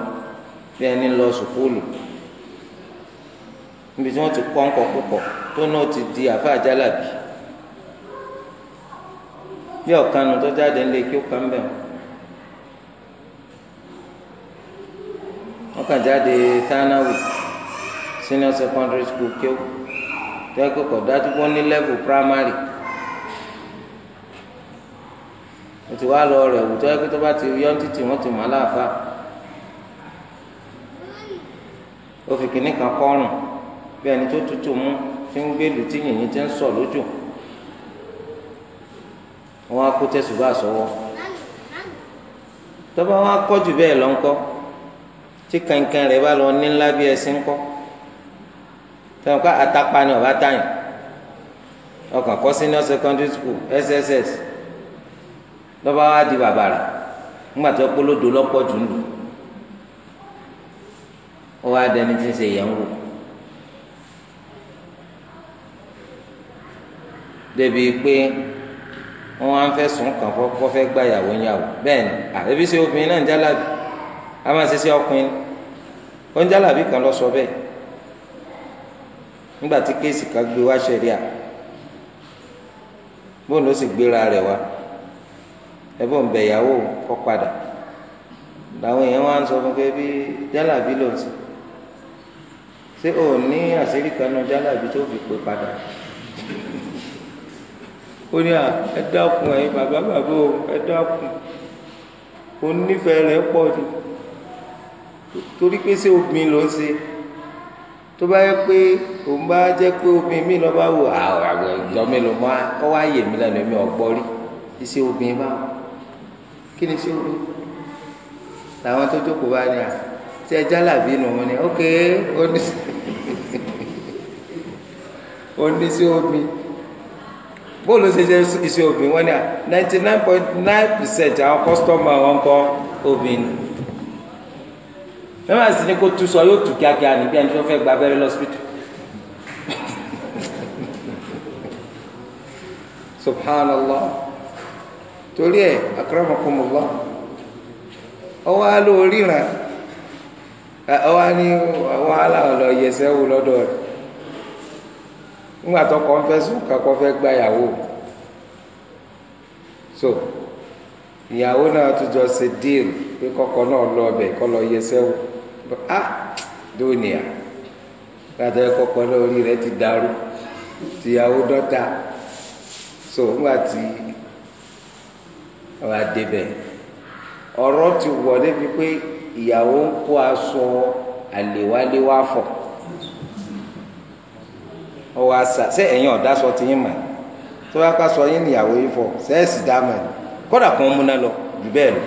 bí ẹni lọ sùkúlù níbi tí wọ́n ti kọ́ wọn kọ́ púpọ̀ tó náà ti di àfa àjálàbí bí ọ̀kanu tó jáde ńlẹ̀ kí ó kàn bẹ̀ wọ́n kàn jáde thanawi senior secondary school kí ó tó ẹ̀kọ́ dájú pé ó ní level primary ó ti wá lọ rẹ̀ wù tó ẹ̀kọ́ tó bá ti yọ títì wọ́n ti mọ̀ aláàfáà ó fi kìnnìkan kọ́rùn bí ẹni tó tutù mú ti ń gbèlú tí yìnyín ti ń sọ lójú wọn á kó tẹ̀sùbá sọ́wọ́ tọ́ba wọn á kọ́ jù bẹ́ẹ̀ lọ ńkọ́ tí kankan rẹ̀ bá lọ ní ńlá bí ẹsìn ńkọ́ tẹ̀wọ́n ká àtàpá ni ọ̀bá táyìn ọkàn kọ́ senior secondary school SSS lọ́ba wa di bàbàrà ńgbà tó polódo lọ́pọ̀ jù ń lò ó wá dẹni tí ń ṣe yẹn ń wò. débi pé wọn wá ń fẹ́ sùn kàn kọ́ fẹ́ gbá ìyàwó ńyàwó bẹ́ẹ̀ ni àbẹ́bí ṣe obìnrin náà ń jálàbí a máa ṣe ṣe ọkùnrin ó ń jálàbí kan lọ sọ bẹ́ẹ̀ nígbà tí kéèsì kan gbé wá ṣẹlẹ̀ à bóun ló sì gbéra rẹ̀ wá ẹbọ ń bẹ ìyàwó kọ́ padà làwọn èèyàn wá ń sọ fún pé bí jálàbí ló ń sọ ṣé òun ní àṣírí kan náà jálàbí tó fi pè padà ó ní à ẹ dákun ẹ̀yin bàbá bàbá o ẹ dákun òun nífẹ̀ẹ́ rẹ̀ pọ̀ jù torí pé ṣé obìnrin ló ń ṣe tó bá yẹ pé òun bá jẹ́ pé obìnrin mi lọ́ba wò àwọn ọmọ ẹlò mọ́ ọ wá yè mí lẹ́nu mi ọ̀gbọ́ rí iṣẹ́ obìnrin bá kí ni iṣẹ́ obìnrin làwọn tó jókòó bá ní à tí ẹ jálàbí nù wọn ni ok oníṣẹ́ oníṣẹ́ obìnrin. bóòlù ṣe isi obi obìnrin wọn ni ninety wọn kọ́ ni kó tu sọ yóò tu kíákíá níbi ẹni tó fẹ gba abẹ́rẹ́ hospital. subhanallah torí ẹ akramakumullah ọwọ́ alóoríran ọwọ́ ni wàhálà ọlọ nígbà tó kọ́ fẹ́ sùn kakọ́ fẹ́ gba ìyàwó so ìyàwó náà tún jọ ṣe díìl pé kọ́kọ́ náà lọ ọbẹ̀ kọ́ lọ yẹsẹ́ wò ah, á dóníà gbàtọ́ ẹ kọ́kọ́ náà orí rẹ ti dàrú tìyàwó dọ́ta so nígbà tí ọba débẹ̀ ọ̀rọ̀ ti wọ̀ débi pé ìyàwó ń kó aṣọ àlèwálé wá ọwọ́ àṣà ṣé ẹ̀yin ọ̀dá sọ ti yín mà tó bá ká sọ yín níyàwó yín fọ sẹ́ẹ̀sì dá mà ní kódà kó ń múná lọ jù bẹ́ẹ̀ lọ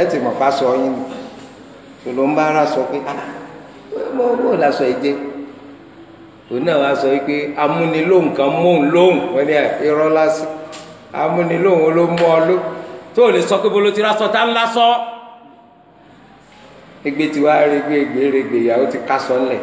ẹ ti mọ̀ ká sọ yín ni ló ń bá ara sọ pé mo mo là sọ èdè òun náà wá sọ pé amúnilóhùn kan móhùn lóhùn wọ́n ní irọ́ lásì amúnilóhùn ló mú ọ ló tó o lè sọ pé bolo ti ra sọ tá ńlá sọ. egbe tiwa regbe egbe regbe ìyàwó ti ká sọ ńlẹ̀.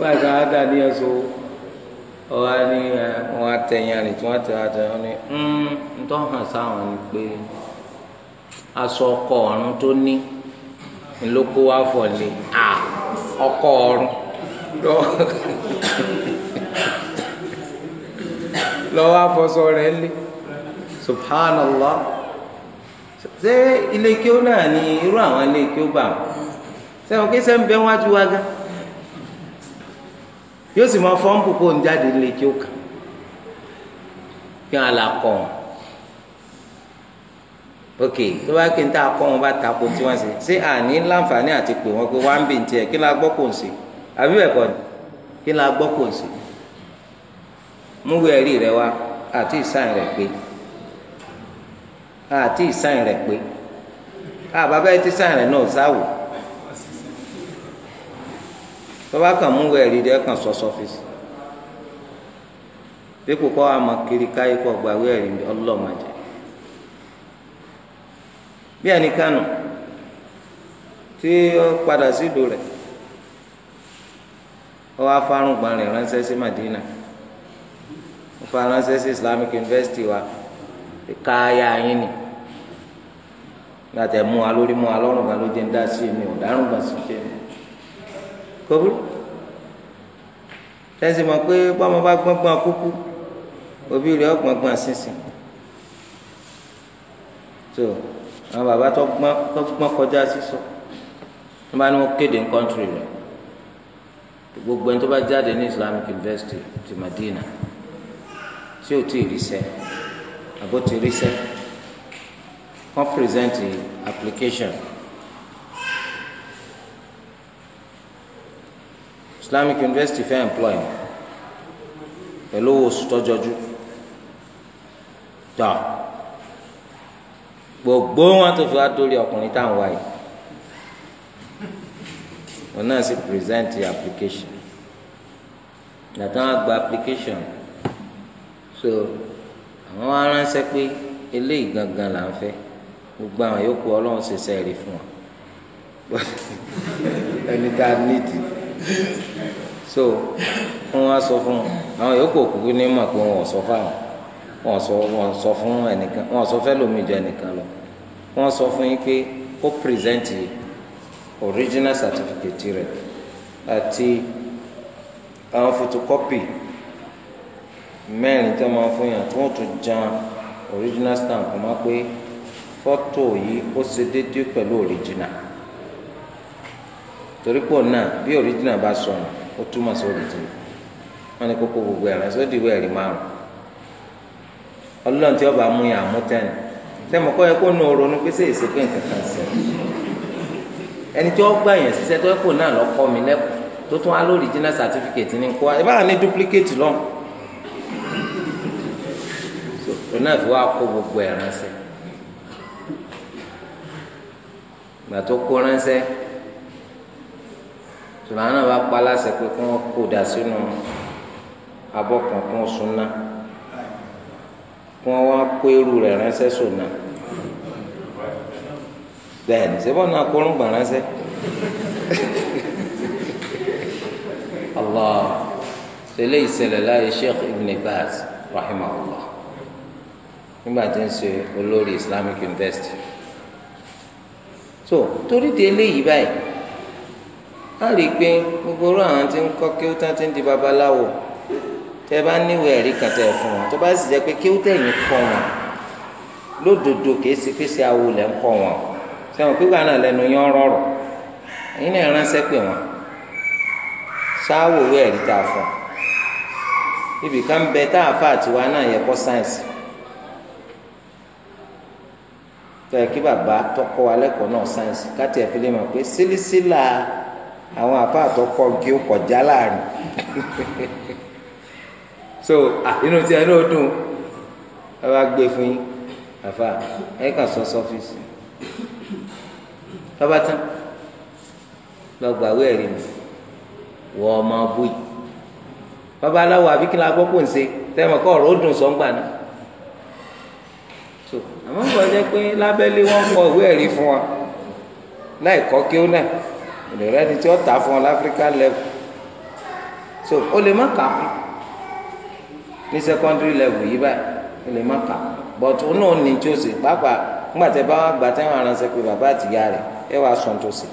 báyìí ká dà ní ẹ̀sọ́ tí wọ́n sáwọn ni pé aṣọ ọkọ ọ̀run tó ní ńlọ́kọ́ wá fọ̀lẹ́ a ah, ọkọ ọ̀run lọ́wọ́ afọ́sọ rẹ̀ lé subhanallah ilé kí ó náà ní irú àwọn ilé kí ó bà wọ́n sẹ́wọ̀n ń wájú yóò sì máa fọ́n púpọ̀ ń jáde nílé kí ó kàn kí wọn là kọ́ wọn ok tó bá kí n tá a kọ́ wọn bá tako tí wọ́n ṣe ṣé àní láǹfààní àti pè wọ́n pé wá ń bì ń tiẹ̀ kí n la gbọ́ kò ń ṣe àbí bẹ́ẹ̀ kọ́ ni kí n la gbọ́ kò ń ṣe mú wí ẹ̀rí rẹ wá àti ìsáyìn rẹ pé àti ìsáyìn rẹ pé àbábẹ́ tí sáyìn rẹ náà sáwò tọ́ba kan mú wẹ̀ rí dẹ́ kan sọ sọ́fíìsì dípò kọ́ àmọ́ kiri káyé kọ́ gba wẹ̀ rí ọlọ́mọdé bí ẹni kánò tí ó padà sídò rẹ̀ ó wá fárùngbọ̀n rẹ̀ ránṣẹ́ sí Madina ó fa ránṣẹ́ sí Islamic University wa káyà yín ni gbàtẹ́ mú wa lórí mú wa lọ́rùn gan ló jẹ́ ń dá sí mi ò dárùn gan sí jẹ́ kò burú tẹ́sí mọ̀ pé bọ́mọ bá gbọ́ngbọ́n kúkú òbí rẹ̀ ó gbọ́ngbọ́n sínsìn tó àwọn bàbá tó gbọ́n kọjá sísọ tó bá ní wọn kéde ní kọ́ńtìrì rẹ̀ gbogbo ẹni tó bá jáde ní Islamic University ti Madina tí ò tí ì ríṣẹ́ àbó ti ríṣẹ́ wọ́n pírẹsẹ̀ntì application. Islamic University fẹ́ employ mi pẹ̀lú owó oṣù tọ́jọ́jú tọ́ gbogbo wọn tó fi wá dórí ọkùnrin táwọn wáyé wọn náà sì present the application gbàtà wọn gba application so àwọn wa ránṣẹ́ pé eléyìí gangan là ń fẹ́ gbogbo àwọn yòókù Ọlọ́run ṣe sẹẹrí fún wa ẹni tá a nídìí so wọn wá sọ fún àwọn yòókù òkúkú ní mọ̀ pé wọn ò sọ fáwọn wọn sọ wọn sọ fún ẹnìkan wọn sọ fẹ́ lómi ju ẹnìkan lọ wọn sọ fún yín pé ó present original certificate rẹ àti àwọn photocopy mẹ́rin tó máa fún yàn tó wọ́n tún jan original stamp kò máa pé fọ́tò yìí ó ṣe déédéé pẹ̀lú original torí pò náà bí original bá sọnù. So o túmọ̀ sórí tì mí wọn ni kókó gbogbo ẹ̀rọ sódì ìwé ẹ̀rí márùn ọlọ́run tí ọba mú yàn àmútẹ́ni sẹ́mu kọ́ yẹ kó nu ronú pé sèé sèpé nǹkan kan sí ẹni tí wọ́n gbà yẹn ṣiṣẹ́ tó yẹ kó náà lọ́kọ́ mi lẹ́kọ̀ọ́ tó tún á lórí jìnnà sàtífíkẹ̀tì ní kó ẹ bá ní dúpílíkẹ̀tì lọ́n tó náà fi wá kó gbogbo ẹ̀ ránṣẹ́ gbà tó kó ránṣẹ́ sùlọ́n náà bá pa aláṣẹ pé kí wọ́n kó dà sínú abọ́ kan kí wọ́n sun náà kí wọ́n wá kó eru rẹ̀ ránṣẹ́ sùn náà bẹ́ẹ̀ ní sẹ́fọ́n náà kó rúgbà ránṣẹ́ allah ṣẹlẹ̀ ìṣẹ̀lẹ̀ láàyè sheikh ibn baz rahimahullah nígbà tí ń ṣe olórí islamic university so torí ti eléyìí báyìí á rí i pé gbogbo orú àwọn tí ń kọ́ kí ó tán ti ń di babaláwo tẹ bá níwèé ẹ̀rí kan tẹ̀ fún wọn tó bá sì jẹ́ pé kí ó tẹ̀yìn kọ́ wọn lódodo kìí ṣe pèsè awo lẹ́ ń kọ́ wọn sẹ́wọ̀n pípa náà lẹ́nu yán rọ̀rọ̀ ẹ̀yin náà ránṣẹ́ pè wọ́n ṣáwò owó ẹ̀rí tá a fún ibì kan bẹ tá a fà tiwa náà yẹ kọ́ sáyẹ̀nsì tọ́ ẹ kí bàbá tọkọ alẹ́kọ̀ọ́ náà sáyẹ̀nsì káti ẹ̀ fi lè mọ̀ pé sílísílà àwọn àfa àtọkọ gé kọjá láàrin so inú tí ẹ náà dùn ẹ bá gbé fún yín àfa ẹ kàn sọ sọfíìsì bàbá tán lọ gbàwé ẹ̀rí mi wọ ọmọ bùi bàbá aláwọ àbí kí n ṣe tẹ́wọ̀n kọ́ ọ̀rọ̀ ó dùn sọ́ngbà so àmọ́ ń bọ̀ jẹ́ pé lábẹ́lé wọn kọ ìwé ẹ̀rí fún wa láì kọ́ kí ó náà ìrẹ̀rẹ̀ ni tí ó tà fún ọ láfíríkà level so o lè má kà kún ní secondary level yìí báyìí o lè má kà kún but òun náà ní tí ó ṣe pàápàá nígbà tẹ bá wà gbà táwọn aránṣẹ́ pé bàbá àtìyá rẹ̀ ẹ wàá sọ tó ṣe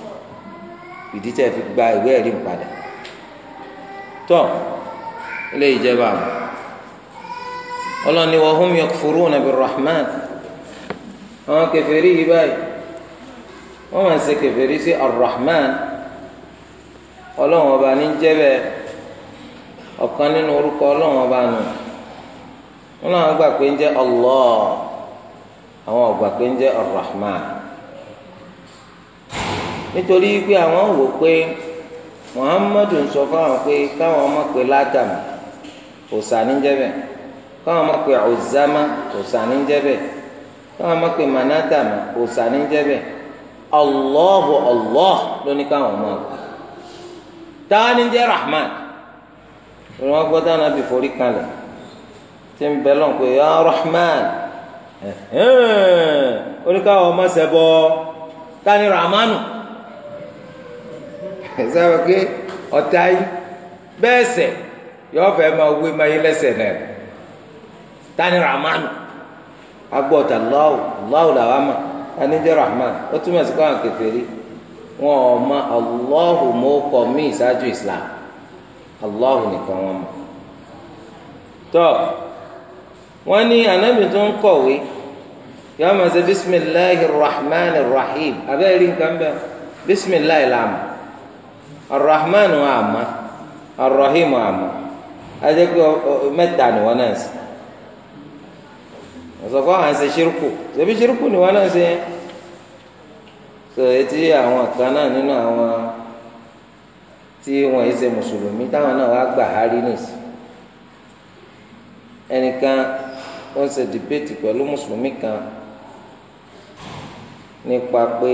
ìdí tẹ fi gba ìwé ẹ̀rí padà tó ilé ìjẹba ọlọ́ni wa hum yakfuruna birrahman àwọn kèfèrí yìí báyìí wọ́n máa ń ṣe kèfèrí sí arrahman. ọlọ́run ọba ní jẹ́bẹ̀ ọ̀kan nínú orúkọ ọlọ́run ọba nù wọn làwọn gbà pé ń jẹ́ Allah àwọn ọ̀gbà pé ń jẹ́ nítorí pé àwọn wò pé Muhammadu ń sọ fáwọn pé káwọn ọmọ pé látàmù òsà ní jẹ́bẹ̀ káwọn ọmọ pé ọ̀zàmá òsà ní jẹ́bẹ̀ káwọn ọmọ pé sà ní jẹ́bẹ̀ ló ní káwọn ọmọ pé. tani jẹ́ rahman wọn gbọ́ dáná bí forí kalẹ̀ tí ń bẹ lọ́n pé ya rahman oníkàwọ́ ọmọ sẹ́bọ̀ tani rahmanu sábà pé ọ̀tá yìí bẹ́ẹ̀ sẹ̀ yọ fẹ́ máa wé máa yé lẹ́sẹ̀ náà tani rahmanu agbọ́ta lọ́wọ́ lọ́wọ́ làwọn ama tani jẹ́ rahman ó túmọ̀ sí káwọn kẹfẹ́ rí wọn ò mọ allahu mọ́kọ mí ìṣáájú islam allahu nìkan wọn mọ. tọ́ wọ́n ní anábì tó ń kọ̀wé yóò máa ṣe bisimilahi rahman rahim abẹ́rẹ́ nǹkan bẹ́ẹ̀ bisimilahi làmà arahman àmà arahim àmà ajẹ́pẹ́ mẹ́ta ni wọ́n náà ṣe. ọ̀sọ̀kọ́ à ń ṣe ṣírkù ṣebí ni wọ́n náà ṣe yẹn so etí àwọn kan náà nínú àwọn tí wọn yìí ṣe mùsùlùmí táwọn náà wá gbà hárí nìsí ẹnìkan ó ń ṣe dìbéètì pẹ̀lú mùsùlùmí kan nípa pé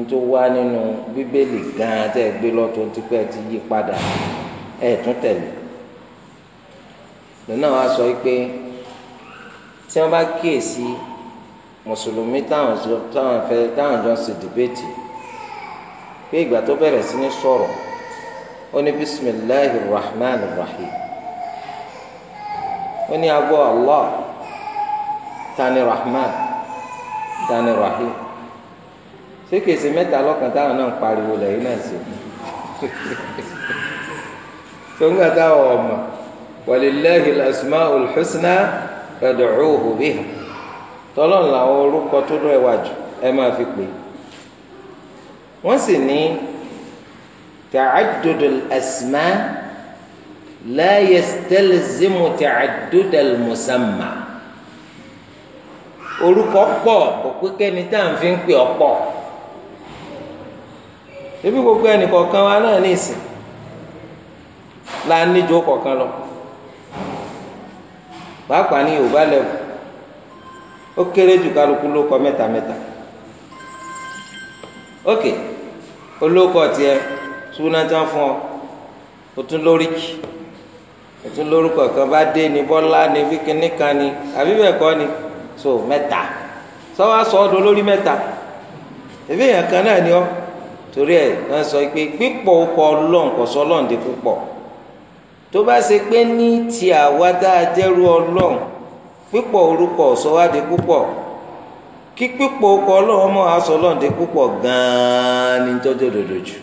n tó wá nínú bíbélì gan-an tẹ́ ẹ gbé lọ́tọ̀ tí pé ẹ ti yí padà ẹ tún tẹ̀lé lónà wá sọ pé tí wọ́n bá kíyèsí mùsùlùmí táwọn jọ táwọn fẹ́ táwọn jọ ń ṣe dìbẹ́tì pé ìgbà tó bẹ̀rẹ̀ sí ní sọ̀rọ̀ ó ní bisimilahi rahman rahim ó ní agbó allah tani rahman tani rahim ṣé kèsì mẹ́ta lọ́kàn táwọn náà ń pariwo lẹ́yìn náà sí tó ń gbà táwọn ọmọ walillahi al asma'ul husna fad'uhu biha tọ́lọ́n làwọn orúkọ tó dún ẹwà jù ẹ máa fi pè wọ́n sì ní ta'addudul asma la yastalzimu ta'addudal musamma orúkọ pọ̀ kò pé kẹ́ni tá à ń fi ń pè ọ̀pọ̀ ebi gbogbo ẹnìkọ̀ọ̀kan wa náà ní ìsìn la níjó kọ̀ọ̀kan lọ pàápàá ní yorùbá lẹ́wọ̀ ó kéré jù kálukú ló kọ mẹ́ta mẹ́ta ok olóòkọ tiẹ̀ súná tí wọn fún ọ o tún lóríkì o tún lórúkọ kan bá dé ní bọlá ní wíkíní kan ní àbí bẹ́ẹ̀ kọ́ ni so mẹ́ta sọ wá sọ ọdún lórí mẹ́ta èmi èèyàn kan náà ni ọ torí ẹ wọn sọ pé pípọ̀ ọkọ̀ ọlọ́run kò sọ ọlọ́run di púpọ̀ tó bá ṣe pé ní ti àwa dáa jẹ́rú ọlọ́run pípọ̀ orúkọ sọ́wádìí púpọ̀ kí pípọ̀ ọkọ̀ ọlọ́run mọ́ aṣọ ọlọ́run púpọ̀ gan-an ní tọ́jú òdòdó jù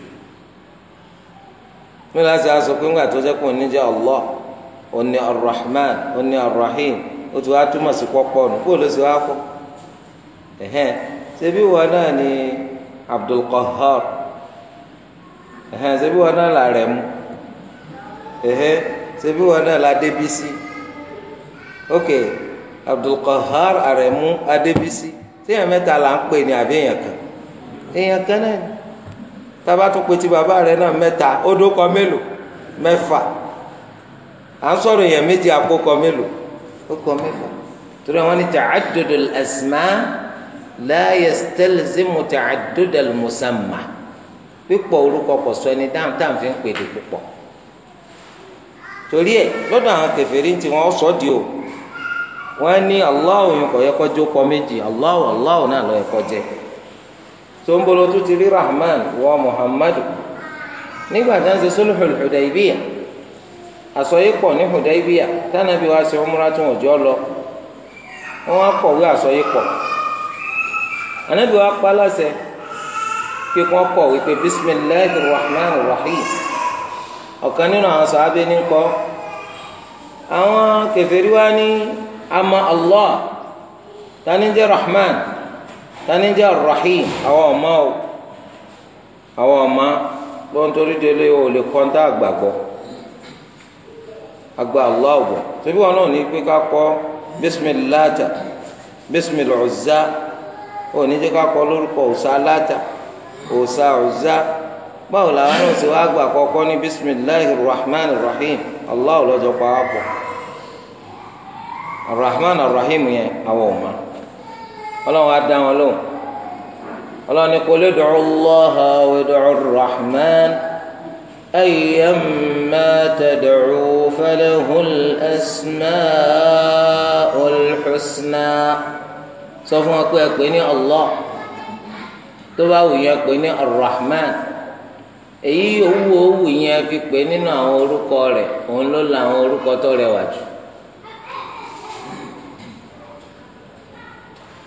mi láti aṣọ pé ńgbà tó jẹ́ pé Allah òní rahman òní ó ti wá túmọ̀ sí pọ́pọ́ nù kó ló sì wá kọ́ ẹ̀hẹ́n wọn náà ni Abdul ẹ̀hẹ́n ṣebí wọn náà là ẹ̀hẹ́n wọn náà là Débísí abdulkahar aremu adébísí téèyàn mẹ́ta là ń pè ní àbí èèyàn kan èèyàn kan náà ni tába tó pe ti bàbá rẹ náà mẹ́ta ó dókọ mélòó mẹ́fà à ń sọ̀rọ̀ èèyàn méjì àkókọ mélòó ó kọ mẹ́fà torí àwọn ní ta'addud al-asma la yastalzimu ta'addud musamma pípọ̀ orúkọ pọ̀ sọ ẹni dáhùn táwọn fi ń pèdè púpọ̀ torí ẹ̀ lọ́dọ̀ àwọn kèfèrí ti wọ́n sọ́ di o wọ́n ní Allahu yẹn kò yẹ kó jó kọ méjì Allahu Allahu náà ló yẹ kó jẹ́ tombolo tó ti rí Rahman wọ Muhammadu nígbà tá à ń ṣe Sulhul Hudaybiyah àsọyípọ̀ ní Hudaybiyah tánàbí wa ṣe umrah tó wọ́n jọ lọ wọ́n wá kọ̀wé àsọyípọ̀ anabi wa kpa láṣẹ pé kí wọ́n kọ wípé bisimilahi rahman rahim ọ̀kan nínú àwọn sọ abẹ ní kọ àwọn kèfèrí wa ní ama allah tani jẹ́ rahman tani jẹ́ rahim àwọn ọmọ o àwọn ọmọ ló ń torí délé o lè kọ́ńtà àgbàgbọ́ àgbà allah bọ̀ tóbi wọn náà ní pé ká kọ́ bismillata bismiluzza o ní jẹ́ ká kọ́ lórúkọ òsà láta òsà uzza báwo làwọn náà ṣe wá gbà kọ́kọ́ ní bismillahir rahmanir rahim allah lọ́jọ́ pàápọ̀ arahman arahim yẹn àwọn ọmọ ọlọ́run á dá wọn lóhùn ọlọ́run ní qul ud'u Allaha wa ud'u arrahman ayyamma tad'u falahul asma'ul husna sọ fún wa pé ẹ pè ní Allah tó bá wù yẹn pè ní arrahman èyí owó owó yẹn fi pè nínú àwọn orúkọ rẹ̀ òun ló la àwọn orúkọ tó rẹwà jù.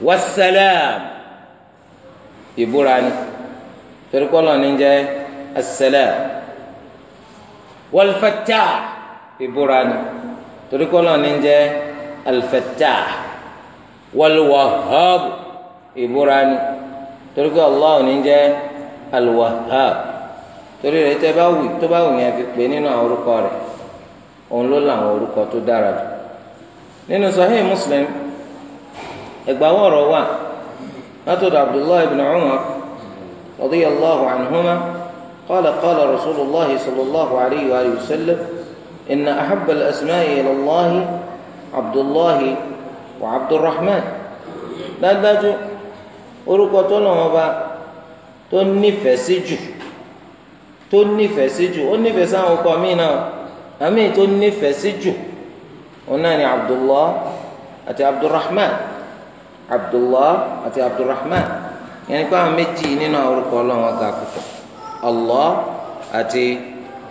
wasalaam ìbúra ni torí kọ́lọ̀ ní jẹ́ asalaam walfata ìbúra ni torí kọ́lọ̀ ní jẹ́ alfata walwahab ìbúra ni torí kọ́ allah ní jẹ́ alwahab torí rẹ̀ tẹ́ bá wù tó bá wù yẹn fi pè nínú àwọn orúkọ rẹ̀ òun ló làwọn orúkọ tó dára jù nínú sahih muslim ẹgbàáwọ̀ ọ̀rọ̀ wà látọ̀dọ̀ abdullahi ibn umar radiyallahu anhuma qala qala rasulillahi sallallahu alayhi wa sallam inna ahabba al-asma'i ilallahi abdullahi wa abdulrahman dájúdájú orúkọ tó lọ́wọ́ bá tó nífẹ̀ẹ́ sí jù tó nífẹ̀ẹ́ sí jù ó nífẹ̀ẹ́ sí àwọn ọkọ mi náà àmì tó nífẹ̀ẹ́ sí jù ọ̀nà ni abdullah àti abdulrahman abdullah àti abdulrahman yẹn kó àwọn méjì nínú àwọn orúkọ ọlọ́run ọ̀gá púpọ̀ allah àti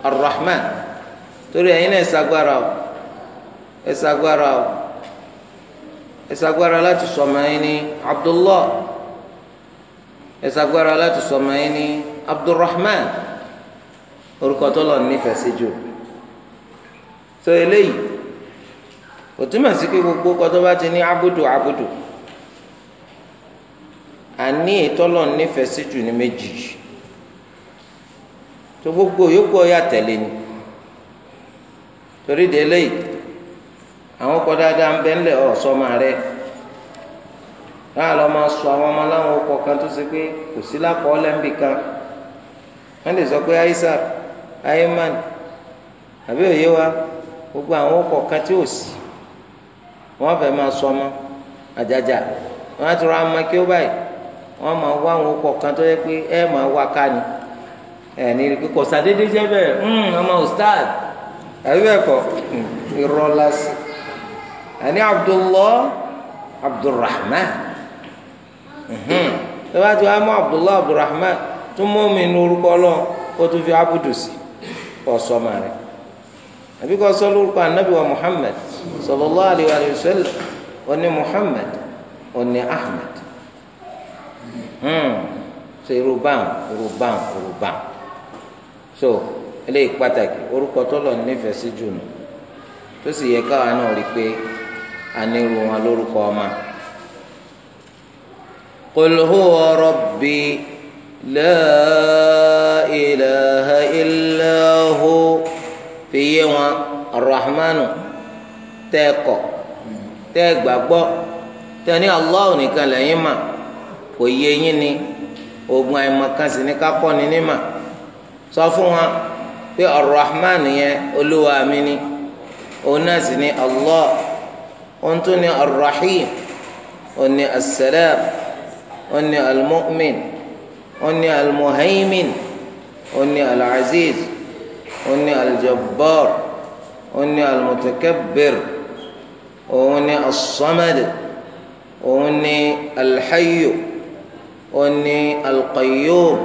arrahman torí ẹ̀yin náà ẹ̀sàgbára o ẹ̀sàgbára o ẹ̀sàgbára láti sọmọ ẹ̀yin ní abdullah ẹ̀sàgbára láti sọmọ ẹ̀yin ní abdulrahman orúkọ tó lọ nífẹ̀ẹ́ sí jù so eléyìí òtúmọ̀ sí pé gbogbo kọ́ bá ti ní abudu abudu. àní ìtọ́lọ̀ nífẹ̀ẹ́ sí jù ní méjì tó gbogbo ọ̀yà tẹ̀lé ni torí délé àwọn ọkọ̀ dáadáa ń bẹ́ ńlẹ̀ ọ̀sọ́mà rẹ̀ láà máa sọ àwọn ọmọ láwọn ọkọ̀ kan tó ṣe pé kò sí lápò ọlẹ́ńbì kan wọ́n lè sọ pé aisa ayman àbí òye wa gbogbo àwọn ọkọ̀ kan tí ò sí wọ́n fẹ́ máa sọ wọ́n máa wá àwọn ọkọ̀ kan tó yẹ pé ẹ máa wá ká ni ẹ ní rí i pé kò sàdédé jẹ́ bẹ́ẹ̀ hmm, ọmọ ustad àbí bẹ́ẹ̀ kọ́ hmm, irọ́ lásì àní Abdullah Abdulrahman tó hmm, bá ti wá mọ́ Abdullah Abdulrahman tó mọ́ mi ní orúkọ ọlọ́run kó tó fi abudu sí kó sọ ọmọ rẹ̀ àbí kó sọ lórúkọ anabi wa Muhammad sallallahu alayhi wa sallam oní Muhammad oní Ahmed. Hmm. so irú báwọn irú báwọn so eléyìí pàtàkì orúkọ tó lọ nífẹ̀ẹ́ sí jù nù tó sì yẹ káwa náà rí i pé aniru wọn lórúkọ ọma qul huwa rabbi la ilaha illa hu fi yé wọn arahmanu tẹ́ kọ̀ tẹ́ gbàgbọ́ tẹ́ ní Allahu nìkan lẹ́yìn máa kò yé yín ni oògùn àìmọ̀kan sì ní ká kọ́ ni nímà sọ fún wa pé Ar-Rahman yẹn olúwa mi ni òun náà sì ni Allah òun tún ni Ar-Rahim òun ni as òun ni al òun ni al òun ni al òun ni al òun ni al òun ni as òun ni al oní alqayyum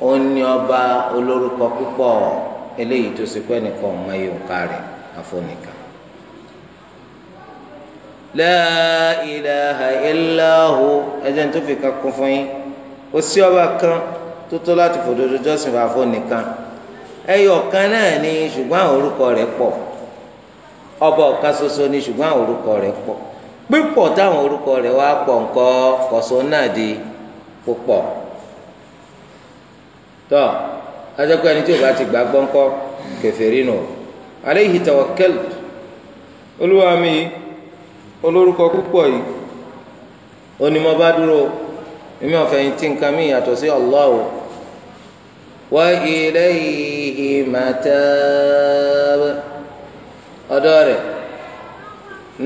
oní ọba olórúkọ púpọ̀ eléyìí tó sèpẹ́ nìkan ọmọ yìí ń kárẹ̀ afọ́nìkan. la ilaha illa hu ẹ̀jẹ̀ tó fi kan kún fún yín kò sí ọba kan tó tó láti fòdodo jọ́sìn fún afọ́nìkan ẹyọ kan náà ni ṣùgbọ́n àwọn orúkọ rẹ̀ pọ̀ ọba ọ̀kan ṣoṣo ni ṣùgbọ́n àwọn orúkọ rẹ̀ pọ̀ pípọ̀ táwọn orúkọ rẹ̀ wá pọ̀ nǹkan kọ̀sọ́ náà di. púpọ̀ tọ́ adẹ́kọ̀ ẹni tí o bá ti gbà gbọ́ ńkọ́ kèfèrí nù alayhi tawakkaltu olúwa mi olórúkọ púpọ̀ yìí ó bá dúró èmi ò fẹ̀yìntì nǹkan mi yàtọ̀ sí Allah o wa ilayhi matab ọdọ rẹ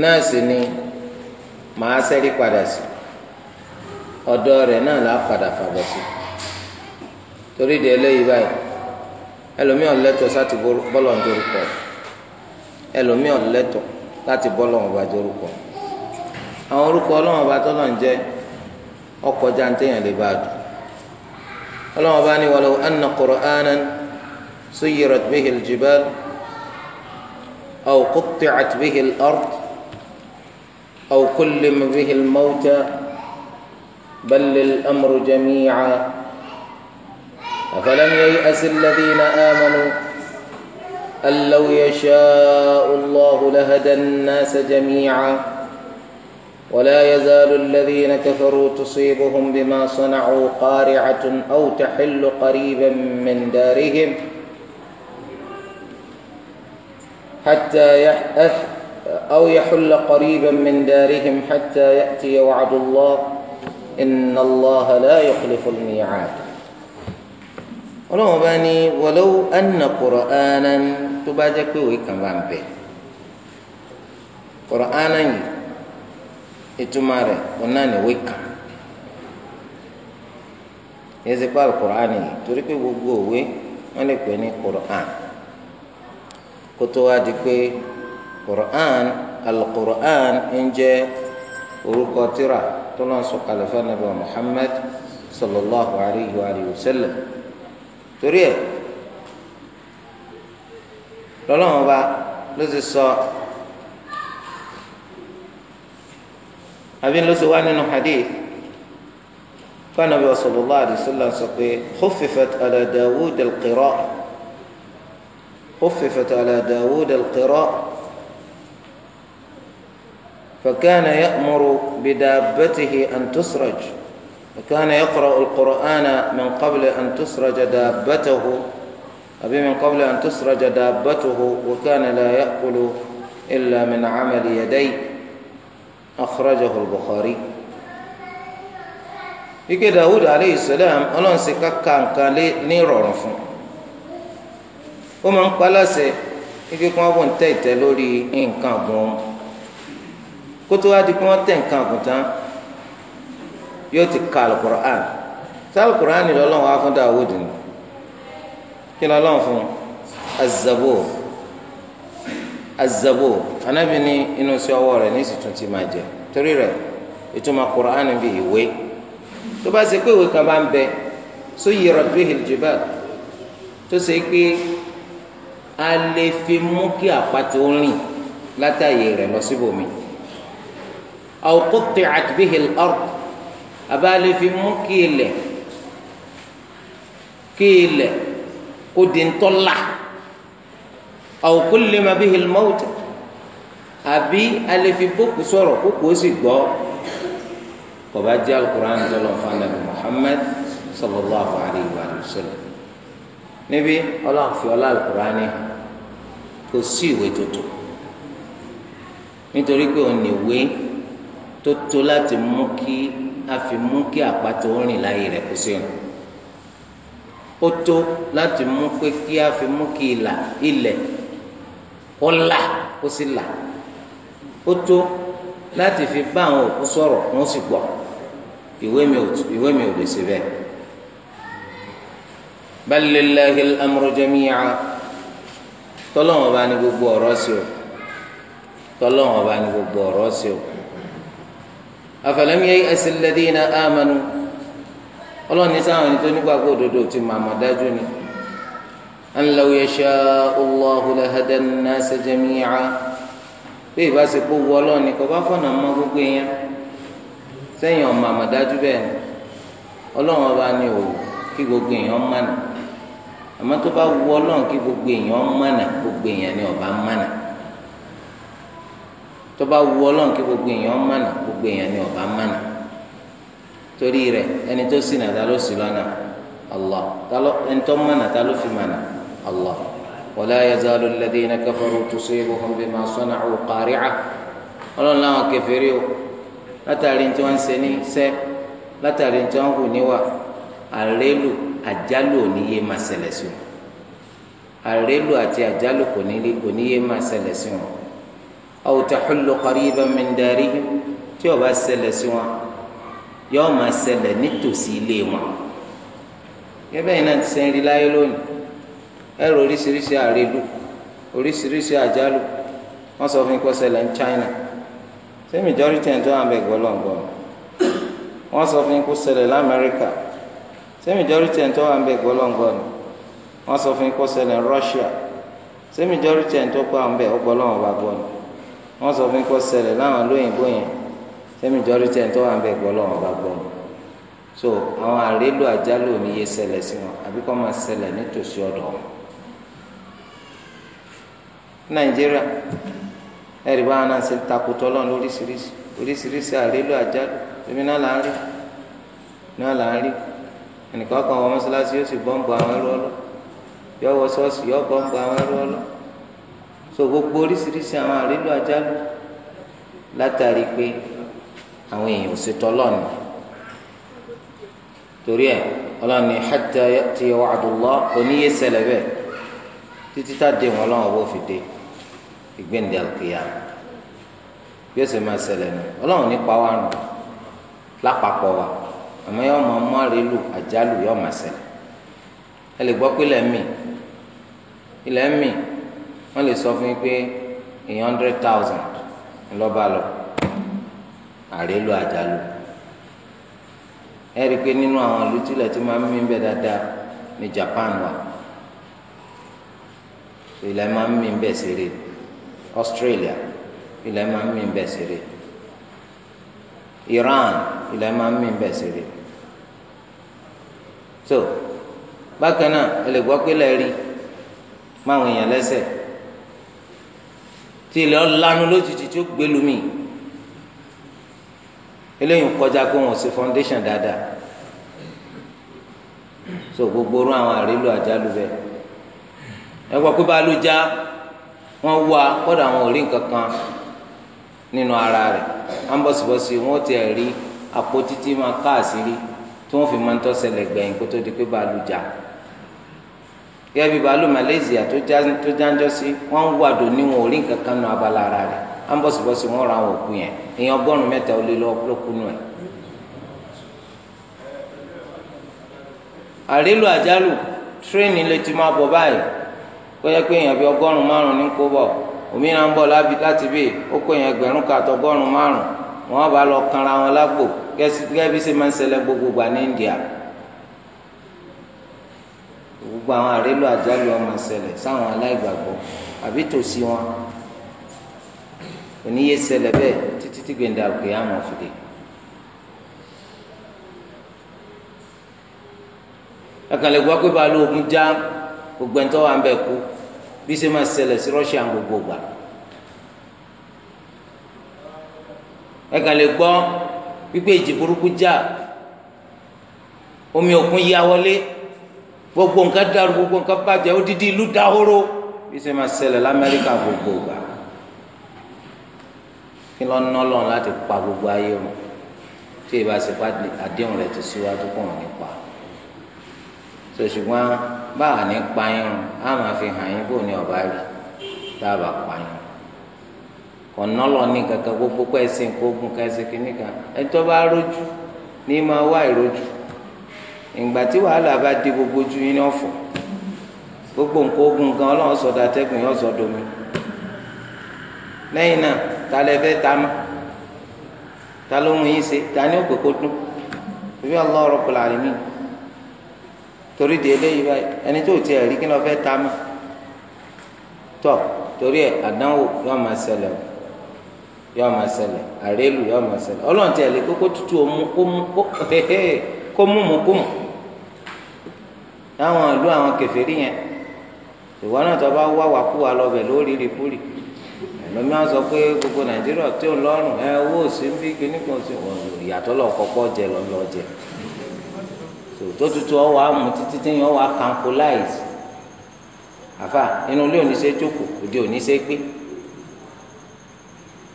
náà sì ni màá ṣẹ́rí padà sí ọ̀dọ̀ rẹ̀ náà là á padà fàbọ̀ sí torí de eléyìí báyìí ẹlòmíọ̀ lẹ́tọ̀ sáti bọ́lọ̀ ń dorúkọ ẹlòmíọ̀ lẹ́tọ̀ láti bọ́lọ̀ ọba dorúkọ àwọn orúkọ ọlọ́wọ́n ọba tọ́lọ̀ ń jẹ́ ọkọ̀ jáǹtéèyàn lè bá a dùn ọlọ́wọ́n ọba ní walaw anna Qur'anan suyirat bihi al-jibal aw qutti'at bihi al-ard aw kullima bihi al بل الأمر جميعا أفلم ييأس الذين آمنوا أن لو يشاء الله لهدى الناس جميعا ولا يزال الذين كفروا تصيبهم بما صنعوا قارعة أو تحل قريبا من دارهم حتى يح أو يحل قريبا من دارهم حتى يأتي وعد الله إن الله لا يخلف الميعاد ọlọ́run bá ní wọléwò ẹnna kùrọ̀ánà tó bá jẹ́ pé òwe kan bá ń bẹ̀ kùrọ̀ánà yìí ìtumọ̀ rẹ̀ ọ̀nà níwé kan yẹn ti pa kùrọ̀ánà yìí torí pé gbogbo òwe wọ́n lè pè ní kùrọ̀ánà kótó wá di pé kùrọ̀ánà alukùrọ̀ánà ń jẹ́ orúkọ tírà tọ́lá sọ̀kalẹ̀ fún anabi muhammad sallallahu alayhi wa sallam torí ẹ̀ lọ́lọ́run ọba ló ti sọ àbí ló ti wá nínú hadith kó anabi sallallahu alayhi wa sallam sọ pé khuffifat ala dawud al-qira'ah khuffifat ala dawud al-qira'ah. فكان يأمر بدابته أن تسرج وكان يقرأ القرآن من قبل أن تسرج دابته أبي من قبل أن تسرج دابته وكان لا يأكل إلا من عمل يديه أخرجه البخاري ike داود عليه السلام ọlọ́run sì كان nǹkan lé ní ìrọ̀rùn fún un ó máa ń pa láṣẹ ike kí kótó wá di pé wọ́n tẹ̀ nǹkan àgùntàn yóò ti ka alukur'an tí alukur'an lọ́lọ́run wá fún Dawud ni kí lọ́lọ́run fún azabó azabó anabi ní inú sí ọwọ́ rẹ̀ ní ìsìtún ti máa jẹ torí rẹ̀ ìtumọ̀ kur'an bí ìwé tó bá ṣe pé ìwé kan bá ń bẹ so yẹra bihi al tó ṣe pé a lè fi mú kí àpàtó rìn látàyè rẹ̀ lọ síbòmíì aw qutti'at bihi al-ard abáàlẹ́ fi mú kí ilẹ̀ kí ilẹ̀ kó di ńtọ́lá aw kullima bihi al-mawt àbí alẹ́ fi bókù sọ̀rọ̀ kókò ó sì gbọ́ kọba jẹ́ alukur'an tọ́lọ̀ fanabi muhammed sallallahu alayhi wa sallam níbi ọlọ́àfin ọlá alukur'an yìí kò sí ìwé tuntun nítorí pé òun ní ìwé tó tó láti mú kí a fi mú kí àpàtó rìn láyé rẹ̀ kó sí rìn ó tó láti mú pé kí a fi mú kí ìlà ilẹ̀ kó là kó sì là ó tó láti fi bá àwọn òkú sọ̀rọ̀ wọ́n sì gbọ́ ìwé mi ò lè ṣe bẹ́ẹ̀. bal lillahi al-amru tọ́lọ́wọ́n bá ní gbogbo ọ̀rọ̀ sí o tọ́lọ́wọ́n bá ní gbogbo ọ̀rọ̀ sí o afalam ya'si alladhina amanu ọlọ́run ní sáwọn ẹni tó nígbàgbọ́ òdodo ti màmá dájú ni an law yasha'u Allahu lahada an-nasa jami'a bí ìbáṣepọ̀ wọ ọlọ́run ní kò bá fọ̀nà mọ́ gbogbo èèyàn sẹ́yìn ọ̀mà àmàdájú bẹ́ẹ̀ ni ọlọ́run ọba ni ò kí gbogbo èèyàn mánà àmọ́ tó bá wọ ọlọ́run kí gbogbo èèyàn mánà gbogbo èèyàn ni ọba mánà tọba wu Ọlọ́run kí gbogbo èèyàn mànà gbogbo èèyàn ni ọba mànà torí rẹ ẹni tó sì nà ta ló sì lọ́nà Allah ẹni tó mànà ta ló fi mànà Allah wala yazalu alladhina kafaru tusibuhum bima sana'u qari'ah Ọlọ́run làwọn kèfèrí o látàrí tí wọn ń ṣe ní sẹ látàrí tí wọn hù níwà àrélù àjálù ò máa ṣẹlẹ̀ sí wọn àrélù àti àjálù kò ní yé máa ṣẹlẹ̀ sí wọn aw tahullu qariban min darihim tí ó bá ṣẹlẹ̀ sí wọn yóò máa ṣẹlẹ̀ nítòsí ilé wọn gẹ́gẹ́ bẹ́ẹ̀ náà ti sẹ́yìn rí láyé lónìí ẹ̀rọ oríṣiríṣi àrèlú oríṣiríṣi àjálù wọ́n sọ fún ìkọ́sẹ̀lẹ̀ ní China ṣé majority ẹ̀ tó wà bẹ̀ gbọ́lọ̀gbọ́ wọ́n sọ fún ìkọ́sẹ̀lẹ̀ lamẹ́ríkà ṣé majority ẹ̀ tó wà bẹ̀ gbọ́lọ̀gbọ́ wọ́n sọ fún ìkọ́sẹ̀lẹ̀ Russia ṣé majority ẹ̀ tó wà bẹ̀ ọgbọ́lọ́wọ́ bá gbọ́ ni. wọ́n sọ fún kọ́ ṣẹlẹ̀ láwọn lóyìnbó yẹn sẹ́mi jọ́rí tẹ̀ so àwọn àrélò àjálù ní yé ṣẹlẹ̀ sí wọn àbí kọ́ máa ṣẹlẹ̀ nítòsí wọn. nàìjíríà náà ṣe lóríṣiríṣi oríṣiríṣi àrélò àjálù èmi náà là ń rí náà là ń rí ẹnìkan kan yóò sì àwọn ẹrú yọ wọ yọ so gbogbo oríṣiríṣi àwọn àrílò àjálù látàrí pé àwọn èèyàn ò ṣètò ọlọ́ọ̀ni torí ẹ ọlọ́ọ̀ni hatta ya'tiya wa'dullah oníyé ṣẹlẹ̀ bẹ́ẹ̀ títí tá a dé wọn ọlọ́wọ́n bó fi dé ìgbéǹde àkìyà bí ó sì máa ṣẹlẹ̀ nù ọlọ́wọ́n nípa wa nù lápapọ̀ wa àmọ́ yọ ọmọ ọmọ àrílò àjálù yọ ọmọ ṣẹlẹ̀ ẹ lè gbọ́ pé ilẹ̀ ń mì ilẹ̀ ń mì wọ́n lè sọ fún yín pé èèyàn hundred thousand ńlọ́ba lọ àrélò àjálù ẹ rí i pé nínú àwọn ìlú tílẹ̀ tí máa ń mí bẹ́ẹ̀ dáadáa ní Japan wà ilẹ̀ máa ń mí bẹ́ẹ̀ ṣeré Australia ilẹ̀ máa ń mí bẹ́ẹ̀ ṣeré Iran ilẹ̀ máa ń mí bẹ́ẹ̀ ṣeré so bákan náà ẹ lè gbọ́ pé lẹ́ẹ̀rí máa ń wọ̀nyàn lẹ́sẹ̀ẹ́ tí ilẹ̀ ọ̀lànà lójijì tí ó gbé lumi eléyìí kọjá kó wọn sí foundation dáadáa so gbogbo orun àwọn àrílò àjálù bẹ ẹ gbọ́ pé bá ló já wọn wá kọ́dà àwọn ò rí nǹkan kan nínú ara rẹ̀ ambọ̀sibọ̀sì wọn ti rí àpótí tí máa káàsì rí tí wọ́n fi máa ń tọ́ ṣẹlẹ̀ gbẹ̀yìn kó tó di pé bá gẹ́gẹ́ bí bàálù Malaysia tó jáńjọ́ sí wọ́n ń wàdò níwọ̀n orí nǹkan kan nu abala ara rẹ̀ á ń bọ̀sibọ̀si wọ́n ra àwọn òkú yẹn èèyàn ọgọ́rùn-ún mẹ́ta ó lé lọ́kú nù ẹ̀. àrílù àjálù tírẹ́ẹ̀nì lè ti máa bọ̀ báyìí kó yẹ pé èèyàn bí ọgọ́rùn-ún márùn-ún ní kó bọ̀ òmíràn ń bọ̀ láti bí ó kó èèyàn ẹgbẹ̀rún kàtọ́ ọgọ́rùn-ún márùn-ún wọ́n bá lọ kanra wọn lágbo gẹ́gẹ́ bí gbogbo àwọn àrélò àjálù ọmọ ṣẹlẹ̀ sáwọn aláìgbàgbọ́ àbí tòsí wọn oníyé ṣẹlẹ̀ bẹ́ẹ̀ títí tí gbẹ̀ndà òkè àmọ̀ fìdí. ẹkànlẹ̀ gbọ́ pé balùwẹ̀ ogun já gbogbo ẹ̀ńtọ́ wa ń bẹ̀ kú bí ṣe máa ṣẹlẹ̀ sí Russia gbogbo gbà. ẹkànlẹ̀ gbọ́ pípé ìjì burúkú já omi òkun yá wọlé gbogbo nǹkan dàrú gbogbo nǹkan bàjẹ́ odidi ìlú dahoro bí ṣe máa ṣẹlẹ̀ lamẹ́ríkà gbogbo gbà kí lọ́ ná lọ́n láti pa gbogbo ayé wọn tí ìbá ṣe pa àdéhùn rẹ̀ ti síwájú pọ̀ nípa so ṣùgbọ́n báà ní payín á máa fi hàn yín bò ní ọ̀bá rí tá a bá payín ọ̀nà lọ ní kankan gbogbo pẹ́ẹ́sì nǹkan ogun kẹ́sì kìnnìkan ẹ̀tọ́ bá rójú ní máa wá ìrójú ìgbà tí wàhálà bá di gbogbo ojú yín gbogbo nǹkan ogun gan ọlọ́run sọ̀dọ̀ atẹ́gùn yóò sọ̀dọ̀ mi lẹ́yìn náà ta lẹ fẹ́ ta mọ́ ta ló ń yín ṣe ta ní òpè kó dún bíbí Allah Rabbul Alamin torí di eléyìí báyìí ẹni tó tiẹ̀ rí kí ló fẹ́ ta mọ́ tọ́ torí ẹ̀ àdánwò yóò láwọn ìlú àwọn kèfèrí yẹn ìwọ náà tó bá wá wàkúwà lọbẹ lórí rìkúrì ẹlòmí a sọ pé gbogbo nàìjíríà tó ń lọrùn ẹ owó òsín bí kíní sí wọn ìyàtọ̀ lọ kọ́kọ́ jẹ lọ lọ jẹ tó tutù ọwọ́ títí tí yẹn wà kankuláìsì àfà inú ilé jókòó òde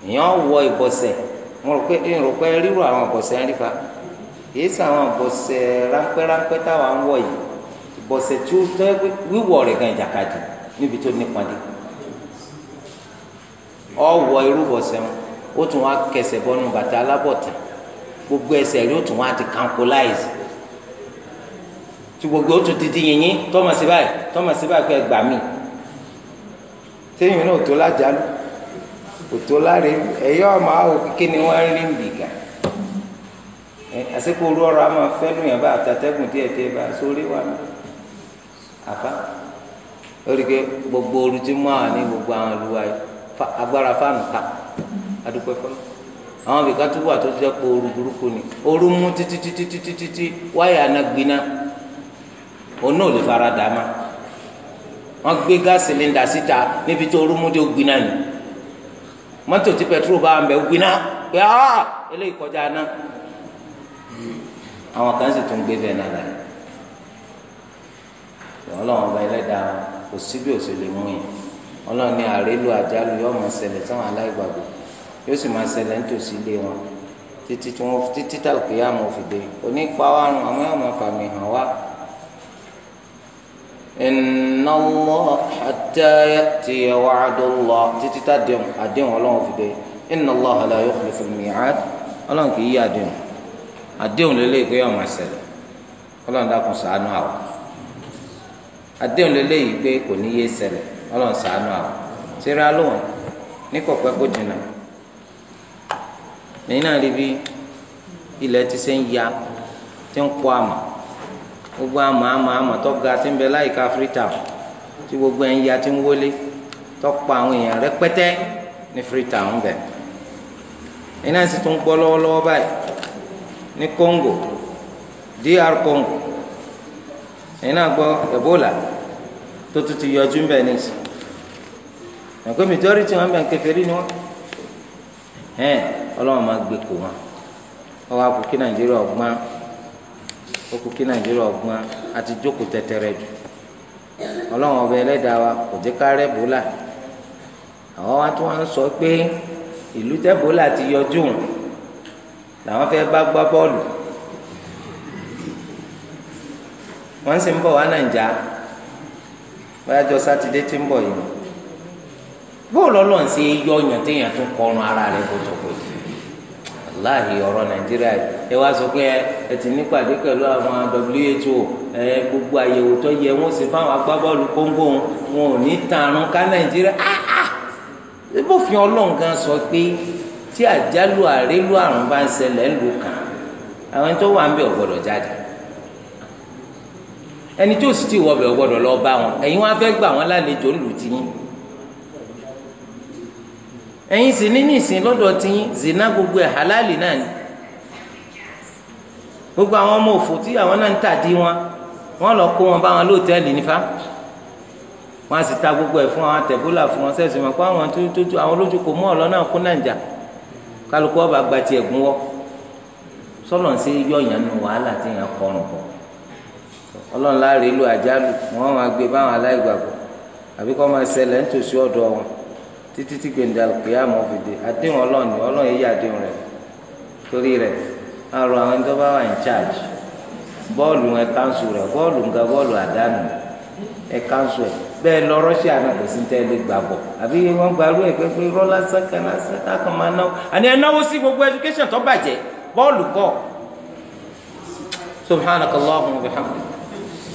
gbé wọ ìbọ̀sẹ̀ rò pé bọ̀sẹ̀ tí ó tẹ́ wíwọ̀ rẹ̀ gan ìjàkadì níbi tó nípa dé ọwọ́ irú bọ̀sẹ̀ mu ó tún wá kẹsẹ̀ bọ́nu bàtà alábọ̀tà gbogbo ẹsẹ̀ rí ó tún wá ti kankuláìsì tí gbogbo ó tún ti di yìnyín tọ́mọ̀ sí báyìí tọ́mọ̀ sí báyìí kọ́ ẹ gbà mí téèyàn náà tó lájàlú kò tó láre ẹ̀yọ́ àmọ́ àwọn kíké ni wọ́n ń rí nbìgà àsìkò orú ọ̀rọ̀ àmọ́ fẹ́ẹ́ nù yẹn bá àtàtẹ́gùn díẹ̀díẹ̀ bá sórí wa náà. àfa olùkẹ́ gbogbo olú tí mú àwọn ní gbogbo àwọn ìlú wa agbára fáànù ta adúpẹ́ fún àwọn bìkan tó wà tó ti jẹ́ pé ooru ni ooru mú títí títí títí títí wáyà náà gbiná fara dama má wọ́n gbé gáàsì sílíndà síta níbi tó ooru mú dé gbiná ni mọ́tò ti pẹtrol bá ń bẹ̀ gbiná pé ah eléyìí kọjá náà àwọn kan sì tún gbé bẹ́ẹ̀ náà láyé. ọlọ́run ọba ẹlẹ́dàá kò sí bí òṣèlè mú yẹn ọlọ́run ní àrélu àjálù yóò máa ṣẹlẹ̀ sáwọn aláìgbàgbọ́ yóò sì máa ṣẹlẹ̀ nítòsí ilé wọn títí tí wọn títí tàlùkì yá mọ̀ fìdé onípa wa rùn àmọ́ yóò máa fàmì hàn wá. inna Allah hatta ya'tiya wa'du Allah títí tá àdéhùn ọlọ́run fìdé inna Allah la yukhlifu al-mi'ad ọlọ́run kì í yí àdéhùn àdéhùn lélẹ́yìí pé yóò máa ṣẹlẹ̀ ọlọ́run dákun ṣàánú àwọn. àdéhùn lélẹ́yìí pé kò ní yé ṣẹlẹ̀ ọlọ́run ṣàánú àwọn ṣeré alóhùn ní kọ̀pẹ́ kó jìnnà lẹ́yìn náà rí bí ilẹ̀ ti ṣe ń ya ti ń pọ̀ àmà gbogbo àmà àmà àmà tó ga ti ń bẹ láyìíká tí gbogbo ẹ̀ ya ti ń wọlé tó pa àwọn èèyàn rẹpẹtẹ ní freetown náà sì tún gbọ́ DR Congo. ẹ̀yin náà gbọ́ Ebola tó tún ti yọjú ń bẹ̀ nísì ẹ̀kọ́ majority wọn bẹ̀ ń kèfèrí ni wọn ẹ̀ ọlọ́run máa gbé kó wọn ọwọ́ akú kí Nàìjíríà ọgbọ́n okú kí Nàìjíríà ọgbọ́n àti jókòó jù ọlọ́run ẹlẹ́dàá wa kò kárẹ́ Ebola àwọn wa wá ń sọ pé ìlú ti yọjú làwọn fẹ́ bá gbá wọ́n sì ń bọ̀ wá nàìjà bóyá jọ sátidé ń bọ̀ yìí bó lọ́lọ́ ń ṣe yọ ọyàn téèyàn tó kọrun ara ọ̀rọ̀ nàìjíríà ẹ sọ pé ẹ ti pàdé pẹ̀lú àwọn WHO ẹ gbogbo àyẹ̀wò tó yẹ sì fáwọn kóńgò wọn ò ní tààrùn ká nàìjíríà bófin sọ pé tí àjálù àrùn bá ń àwọn tó wà ń jáde ẹni tí ó sì ti wọ ọbẹ̀ gbọ́dọ̀ lọ bá wọn ẹ̀yin wọn fẹ́ gbà wọn lálejò ńlù tiyín ẹ̀yin sì ní nìsín lọ́dọ̀ tiyín zina gbogbo ẹ̀ halali náà ni gbogbo àwọn ọmọ òfò tí àwọn náà ń tà dí wọn wọn lọ kó wọn bá wọn lóòtẹ́ẹ̀lì nífa wọn a sì ta gbogbo ẹ̀ fún àwọn àtẹ̀bólà fún wọn sẹ́sìn wọn kó àwọn tó tó àwọn olójú kò mú ọ̀lọ́ náà kó nàìjà kálukú ọba gba tiẹ̀ gún wọ́ sọ́lọ́n ṣe yọ̀yàn nù wàhálà tí yẹn kọrùn bọ̀ ọlọ́run láàrin ìlú àjálù wọ́n máa gbé báwọn aláìgbàgbọ́ àbí kọ́ máa ṣẹlẹ̀ nítòsí ọ̀dọ̀ wọn títí tí gbèǹdàlù kìyàmù fìdí àdéhùn ọlọ́run ọlọ́run yíyá àdéhùn rẹ̀ torí rẹ̀ àrò àwọn ẹni tó bá wà ní charge bọ́ọ̀lù kánṣu rẹ̀ bọ́ọ̀lù bọ́ọ̀lù àdánù kánṣu ẹ̀ bẹ́ẹ̀ lọ rọ́ṣíà náà kò sí ní tẹ́lẹ̀ gbàgbọ́ àbí wọ́n ẹ̀